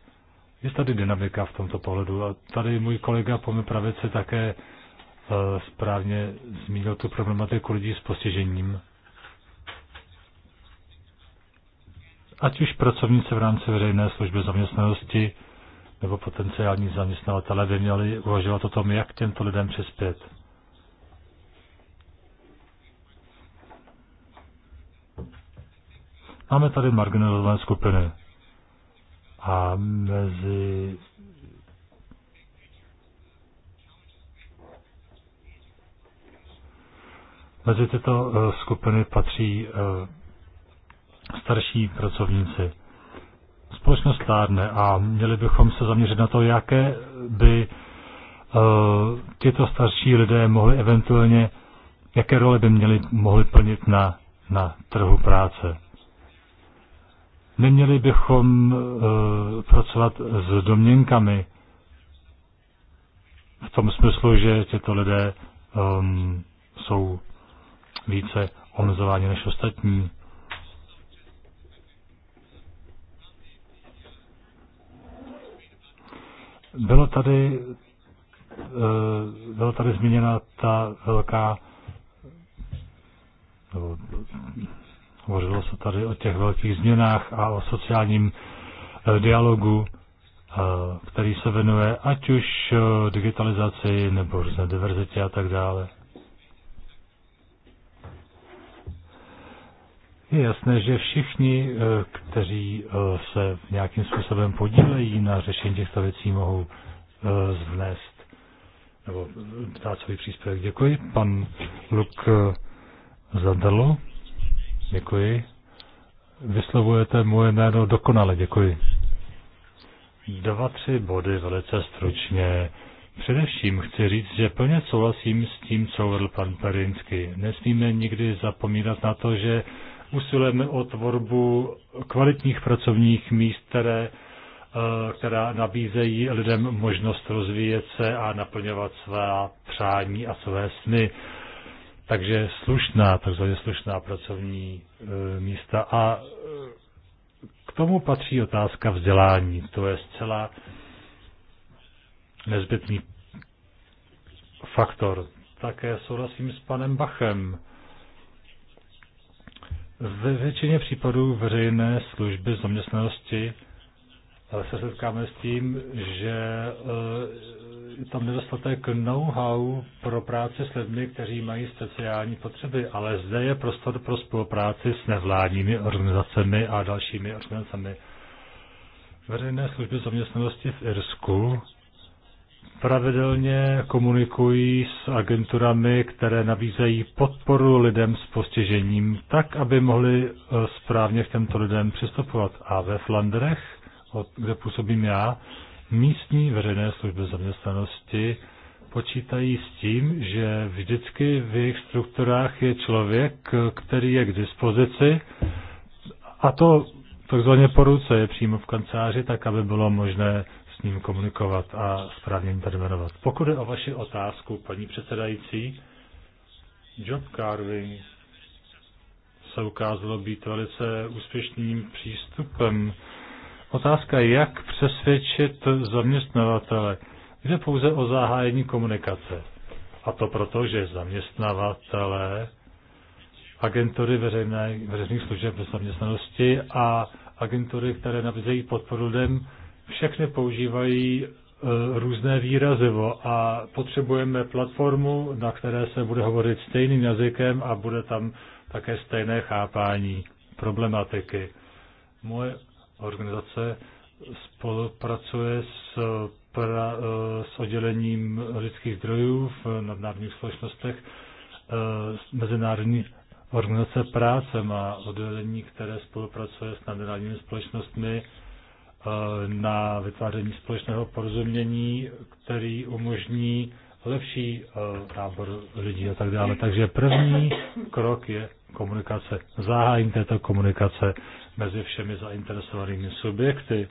Je tady dynamika v tomto pohledu a tady můj kolega po mé pravici také Eh, správně zmínil tu problematiku lidí s postižením. Ať už pracovníci v rámci veřejné služby zaměstnanosti nebo potenciální zaměstnavatele by měli uvažovat o tom, jak těmto lidem přispět. Máme tady marginalizované skupiny a mezi Mezi tyto eh, skupiny patří eh, starší pracovníci. Společnost stárne a měli bychom se zaměřit na to, jaké by eh, tyto starší lidé mohli eventuálně, jaké role by měli, mohli plnit na, na trhu práce. Neměli bychom pracovat s domněnkami v tom smyslu, že tyto lidé um, jsou více omezováni než ostatní. Bylo tady, eh, bylo tady zmíněna ta velká, nebo, hovořilo se tady o těch velkých změnách a o sociálním eh, dialogu, eh, který se venuje ať už digitalizaci nebo různé diverzitě a tak dále. Je jasné, že všichni, eh, kteří eh, se nějakým způsobem podílejí na řešení těchto věcí, mohou eh, zvnést nebo dát svůj příspěvek. Děkuji. Pan Luk Zadalo. Děkuji. Vyslovujete moje jméno dokonale. Děkuji. Dva, tři body velice stručně. Především chci říct, že plně souhlasím s tím, co uvedl pan Perinsky. Nesmíme nikdy zapomínat na to, že usilujeme o tvorbu kvalitních pracovních míst, které, eh, která nabízejí lidem možnost rozvíjet se a naplňovat svá přání a své sny. Takže slušná, takzvaně slušná pracovní eh, místa. A eh, k tomu patří otázka vzdělání. To je zcela nezbytný faktor. Také souhlasím s panem Bachem. Ve většině případů veřejné služby zaměstnanosti se setkáme s tím, že eh, je tam nedostatek know-how pro práci s lidmi, kteří mají speciální potřeby, ale zde je prostor pro spolupráci s nevládními organizacemi a dalšími organizacemi. Veřejné služby zaměstnanosti v Irsku pravidelně komunikují s agenturami, které nabízejí podporu lidem s postižením, tak, aby mohli eh, správně k těmto lidem přistupovat. A ve Flanderech, kde působím já, místní veřejné služby zaměstnanosti počítají s tím, že vždycky v jejich strukturách je člověk, eh, který je k dispozici, a to takzvaně po ruce je přímo v kanceláři, tak aby bylo možné s ním komunikovat a správně jim tady jmenovat. Pokud je o vaši otázku, paní předsedající, job carving se ukázalo být velice úspěšným přístupem. Otázka je, jak přesvědčit zaměstnavatele. Jde pouze o zahájení komunikace. A to proto, že zaměstnavatele, agentury veřejné, veřejných služeb ve zaměstnanosti a agentury, které nabízejí podporu lidem, všechny používají e, různé výrazivo a potřebujeme platformu, na které se bude hovořit stejným jazykem a bude tam také stejné chápání problematiky. Moje organizace spolupracuje s, pra, e, s oddělením lidských zdrojů v nadnárodních společnostech e, Mezinárodní organizace práce má oddělení, které spolupracuje s nadnárodními společnostmi Eh, na vytváření společného porozumění, který umožní lepší tábor eh, lidí a tak dále. Takže první krok je komunikace, zahájení této komunikace mezi všemi zainteresovanými subjekty.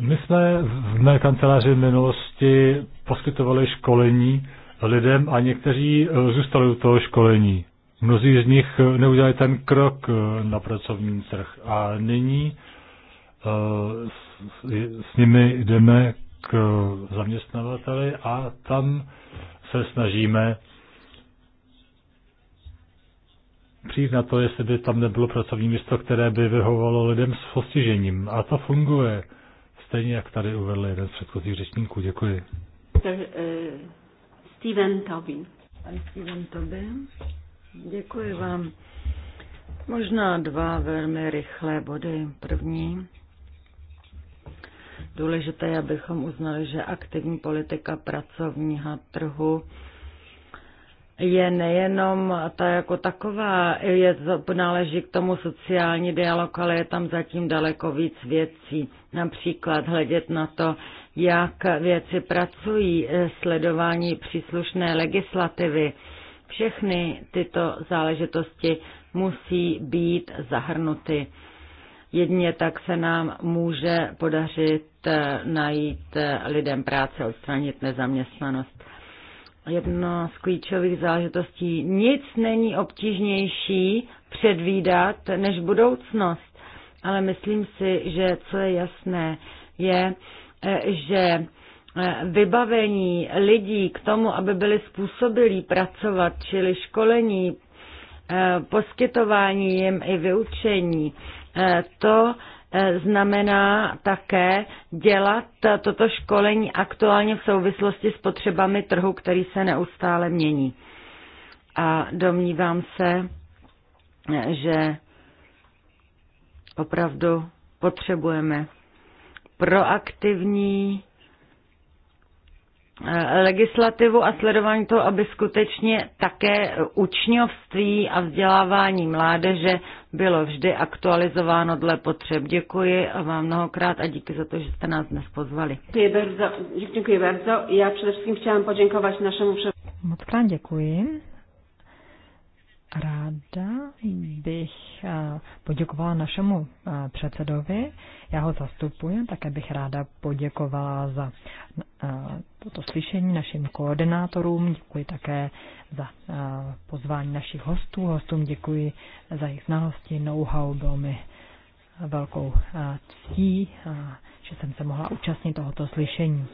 My jsme v mé kanceláři v minulosti poskytovali školení lidem a někteří eh, zůstali u toho školení. Mnozí z nich eh, neudělali ten krok eh, na pracovní trh a nyní s nimi jdeme k zaměstnavateli a tam se snažíme přijít na to, jestli by tam nebylo pracovní místo, které by vyhovovalo lidem s postižením. A to funguje stejně jak tady uvedl jeden z předchozích řečníků. Děkuji. Eh, Steven Tobin. Steven Tobin. Děkuji vám. Možná dva velmi rychlé body. První, důležité je, abychom uznali, že aktivní politika pracovního trhu je nejenom ta jako taková, je to, náleží k tomu sociální dialog, ale je tam zatím daleko víc věcí. Například hledět na to, jak věci pracují, eh, sledování příslušné legislativy. Všechny tyto záležitosti musí být zahrnuty. Jedně tak se nám může podařit eh, najít eh, lidem práce, odstranit nezaměstnanost jedna z klíčových zážitostí. Nic není obtížnější předvídat než budoucnost, ale myslím si, že co je jasné, je, eh, že eh, vybavení lidí k tomu, aby byli způsobilí pracovat, čili školení, eh, poskytování jim i vyučení, to Eh, znamená také dělat toto školení aktuálně v souvislosti s potřebami trhu, který se neustále mění. A domnívám se, že opravdu potřebujeme proaktivní Eh, legislativu a sledování toho, aby skutečně také učňovství a vzdělávání mládeže bylo vždy aktualizováno dle potřeb. Děkuji vám mnohokrát a díky za to, že jste nás dnes pozvali. Děkuji bardzo. Děkuji bardzo. Já především chtěla poděkovat našemu Moc krát děkuji. Ráda bych eh, poděkovala našemu eh, předsedovi, já ho zastupuji, také bych ráda poděkovala za eh, toto slyšení našim koordinátorům, děkuji také za pozvání našich hostů, hostům děkuji za jejich znalosti, know-how, bylo mi velkou ctí, že jsem se mohla účastnit tohoto slyšení.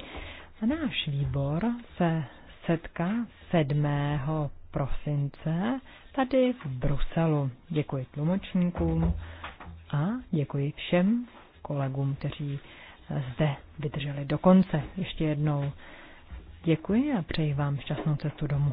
A náš výbor se setká 7. prosince tady v Bruselu. Děkuji tlumočníkům a děkuji všem kolegům, kteří zde vydrželi do konce. Ještě jednou děkuji a přeji vám šťastnou cestu domů.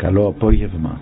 Καλό απόγευμα.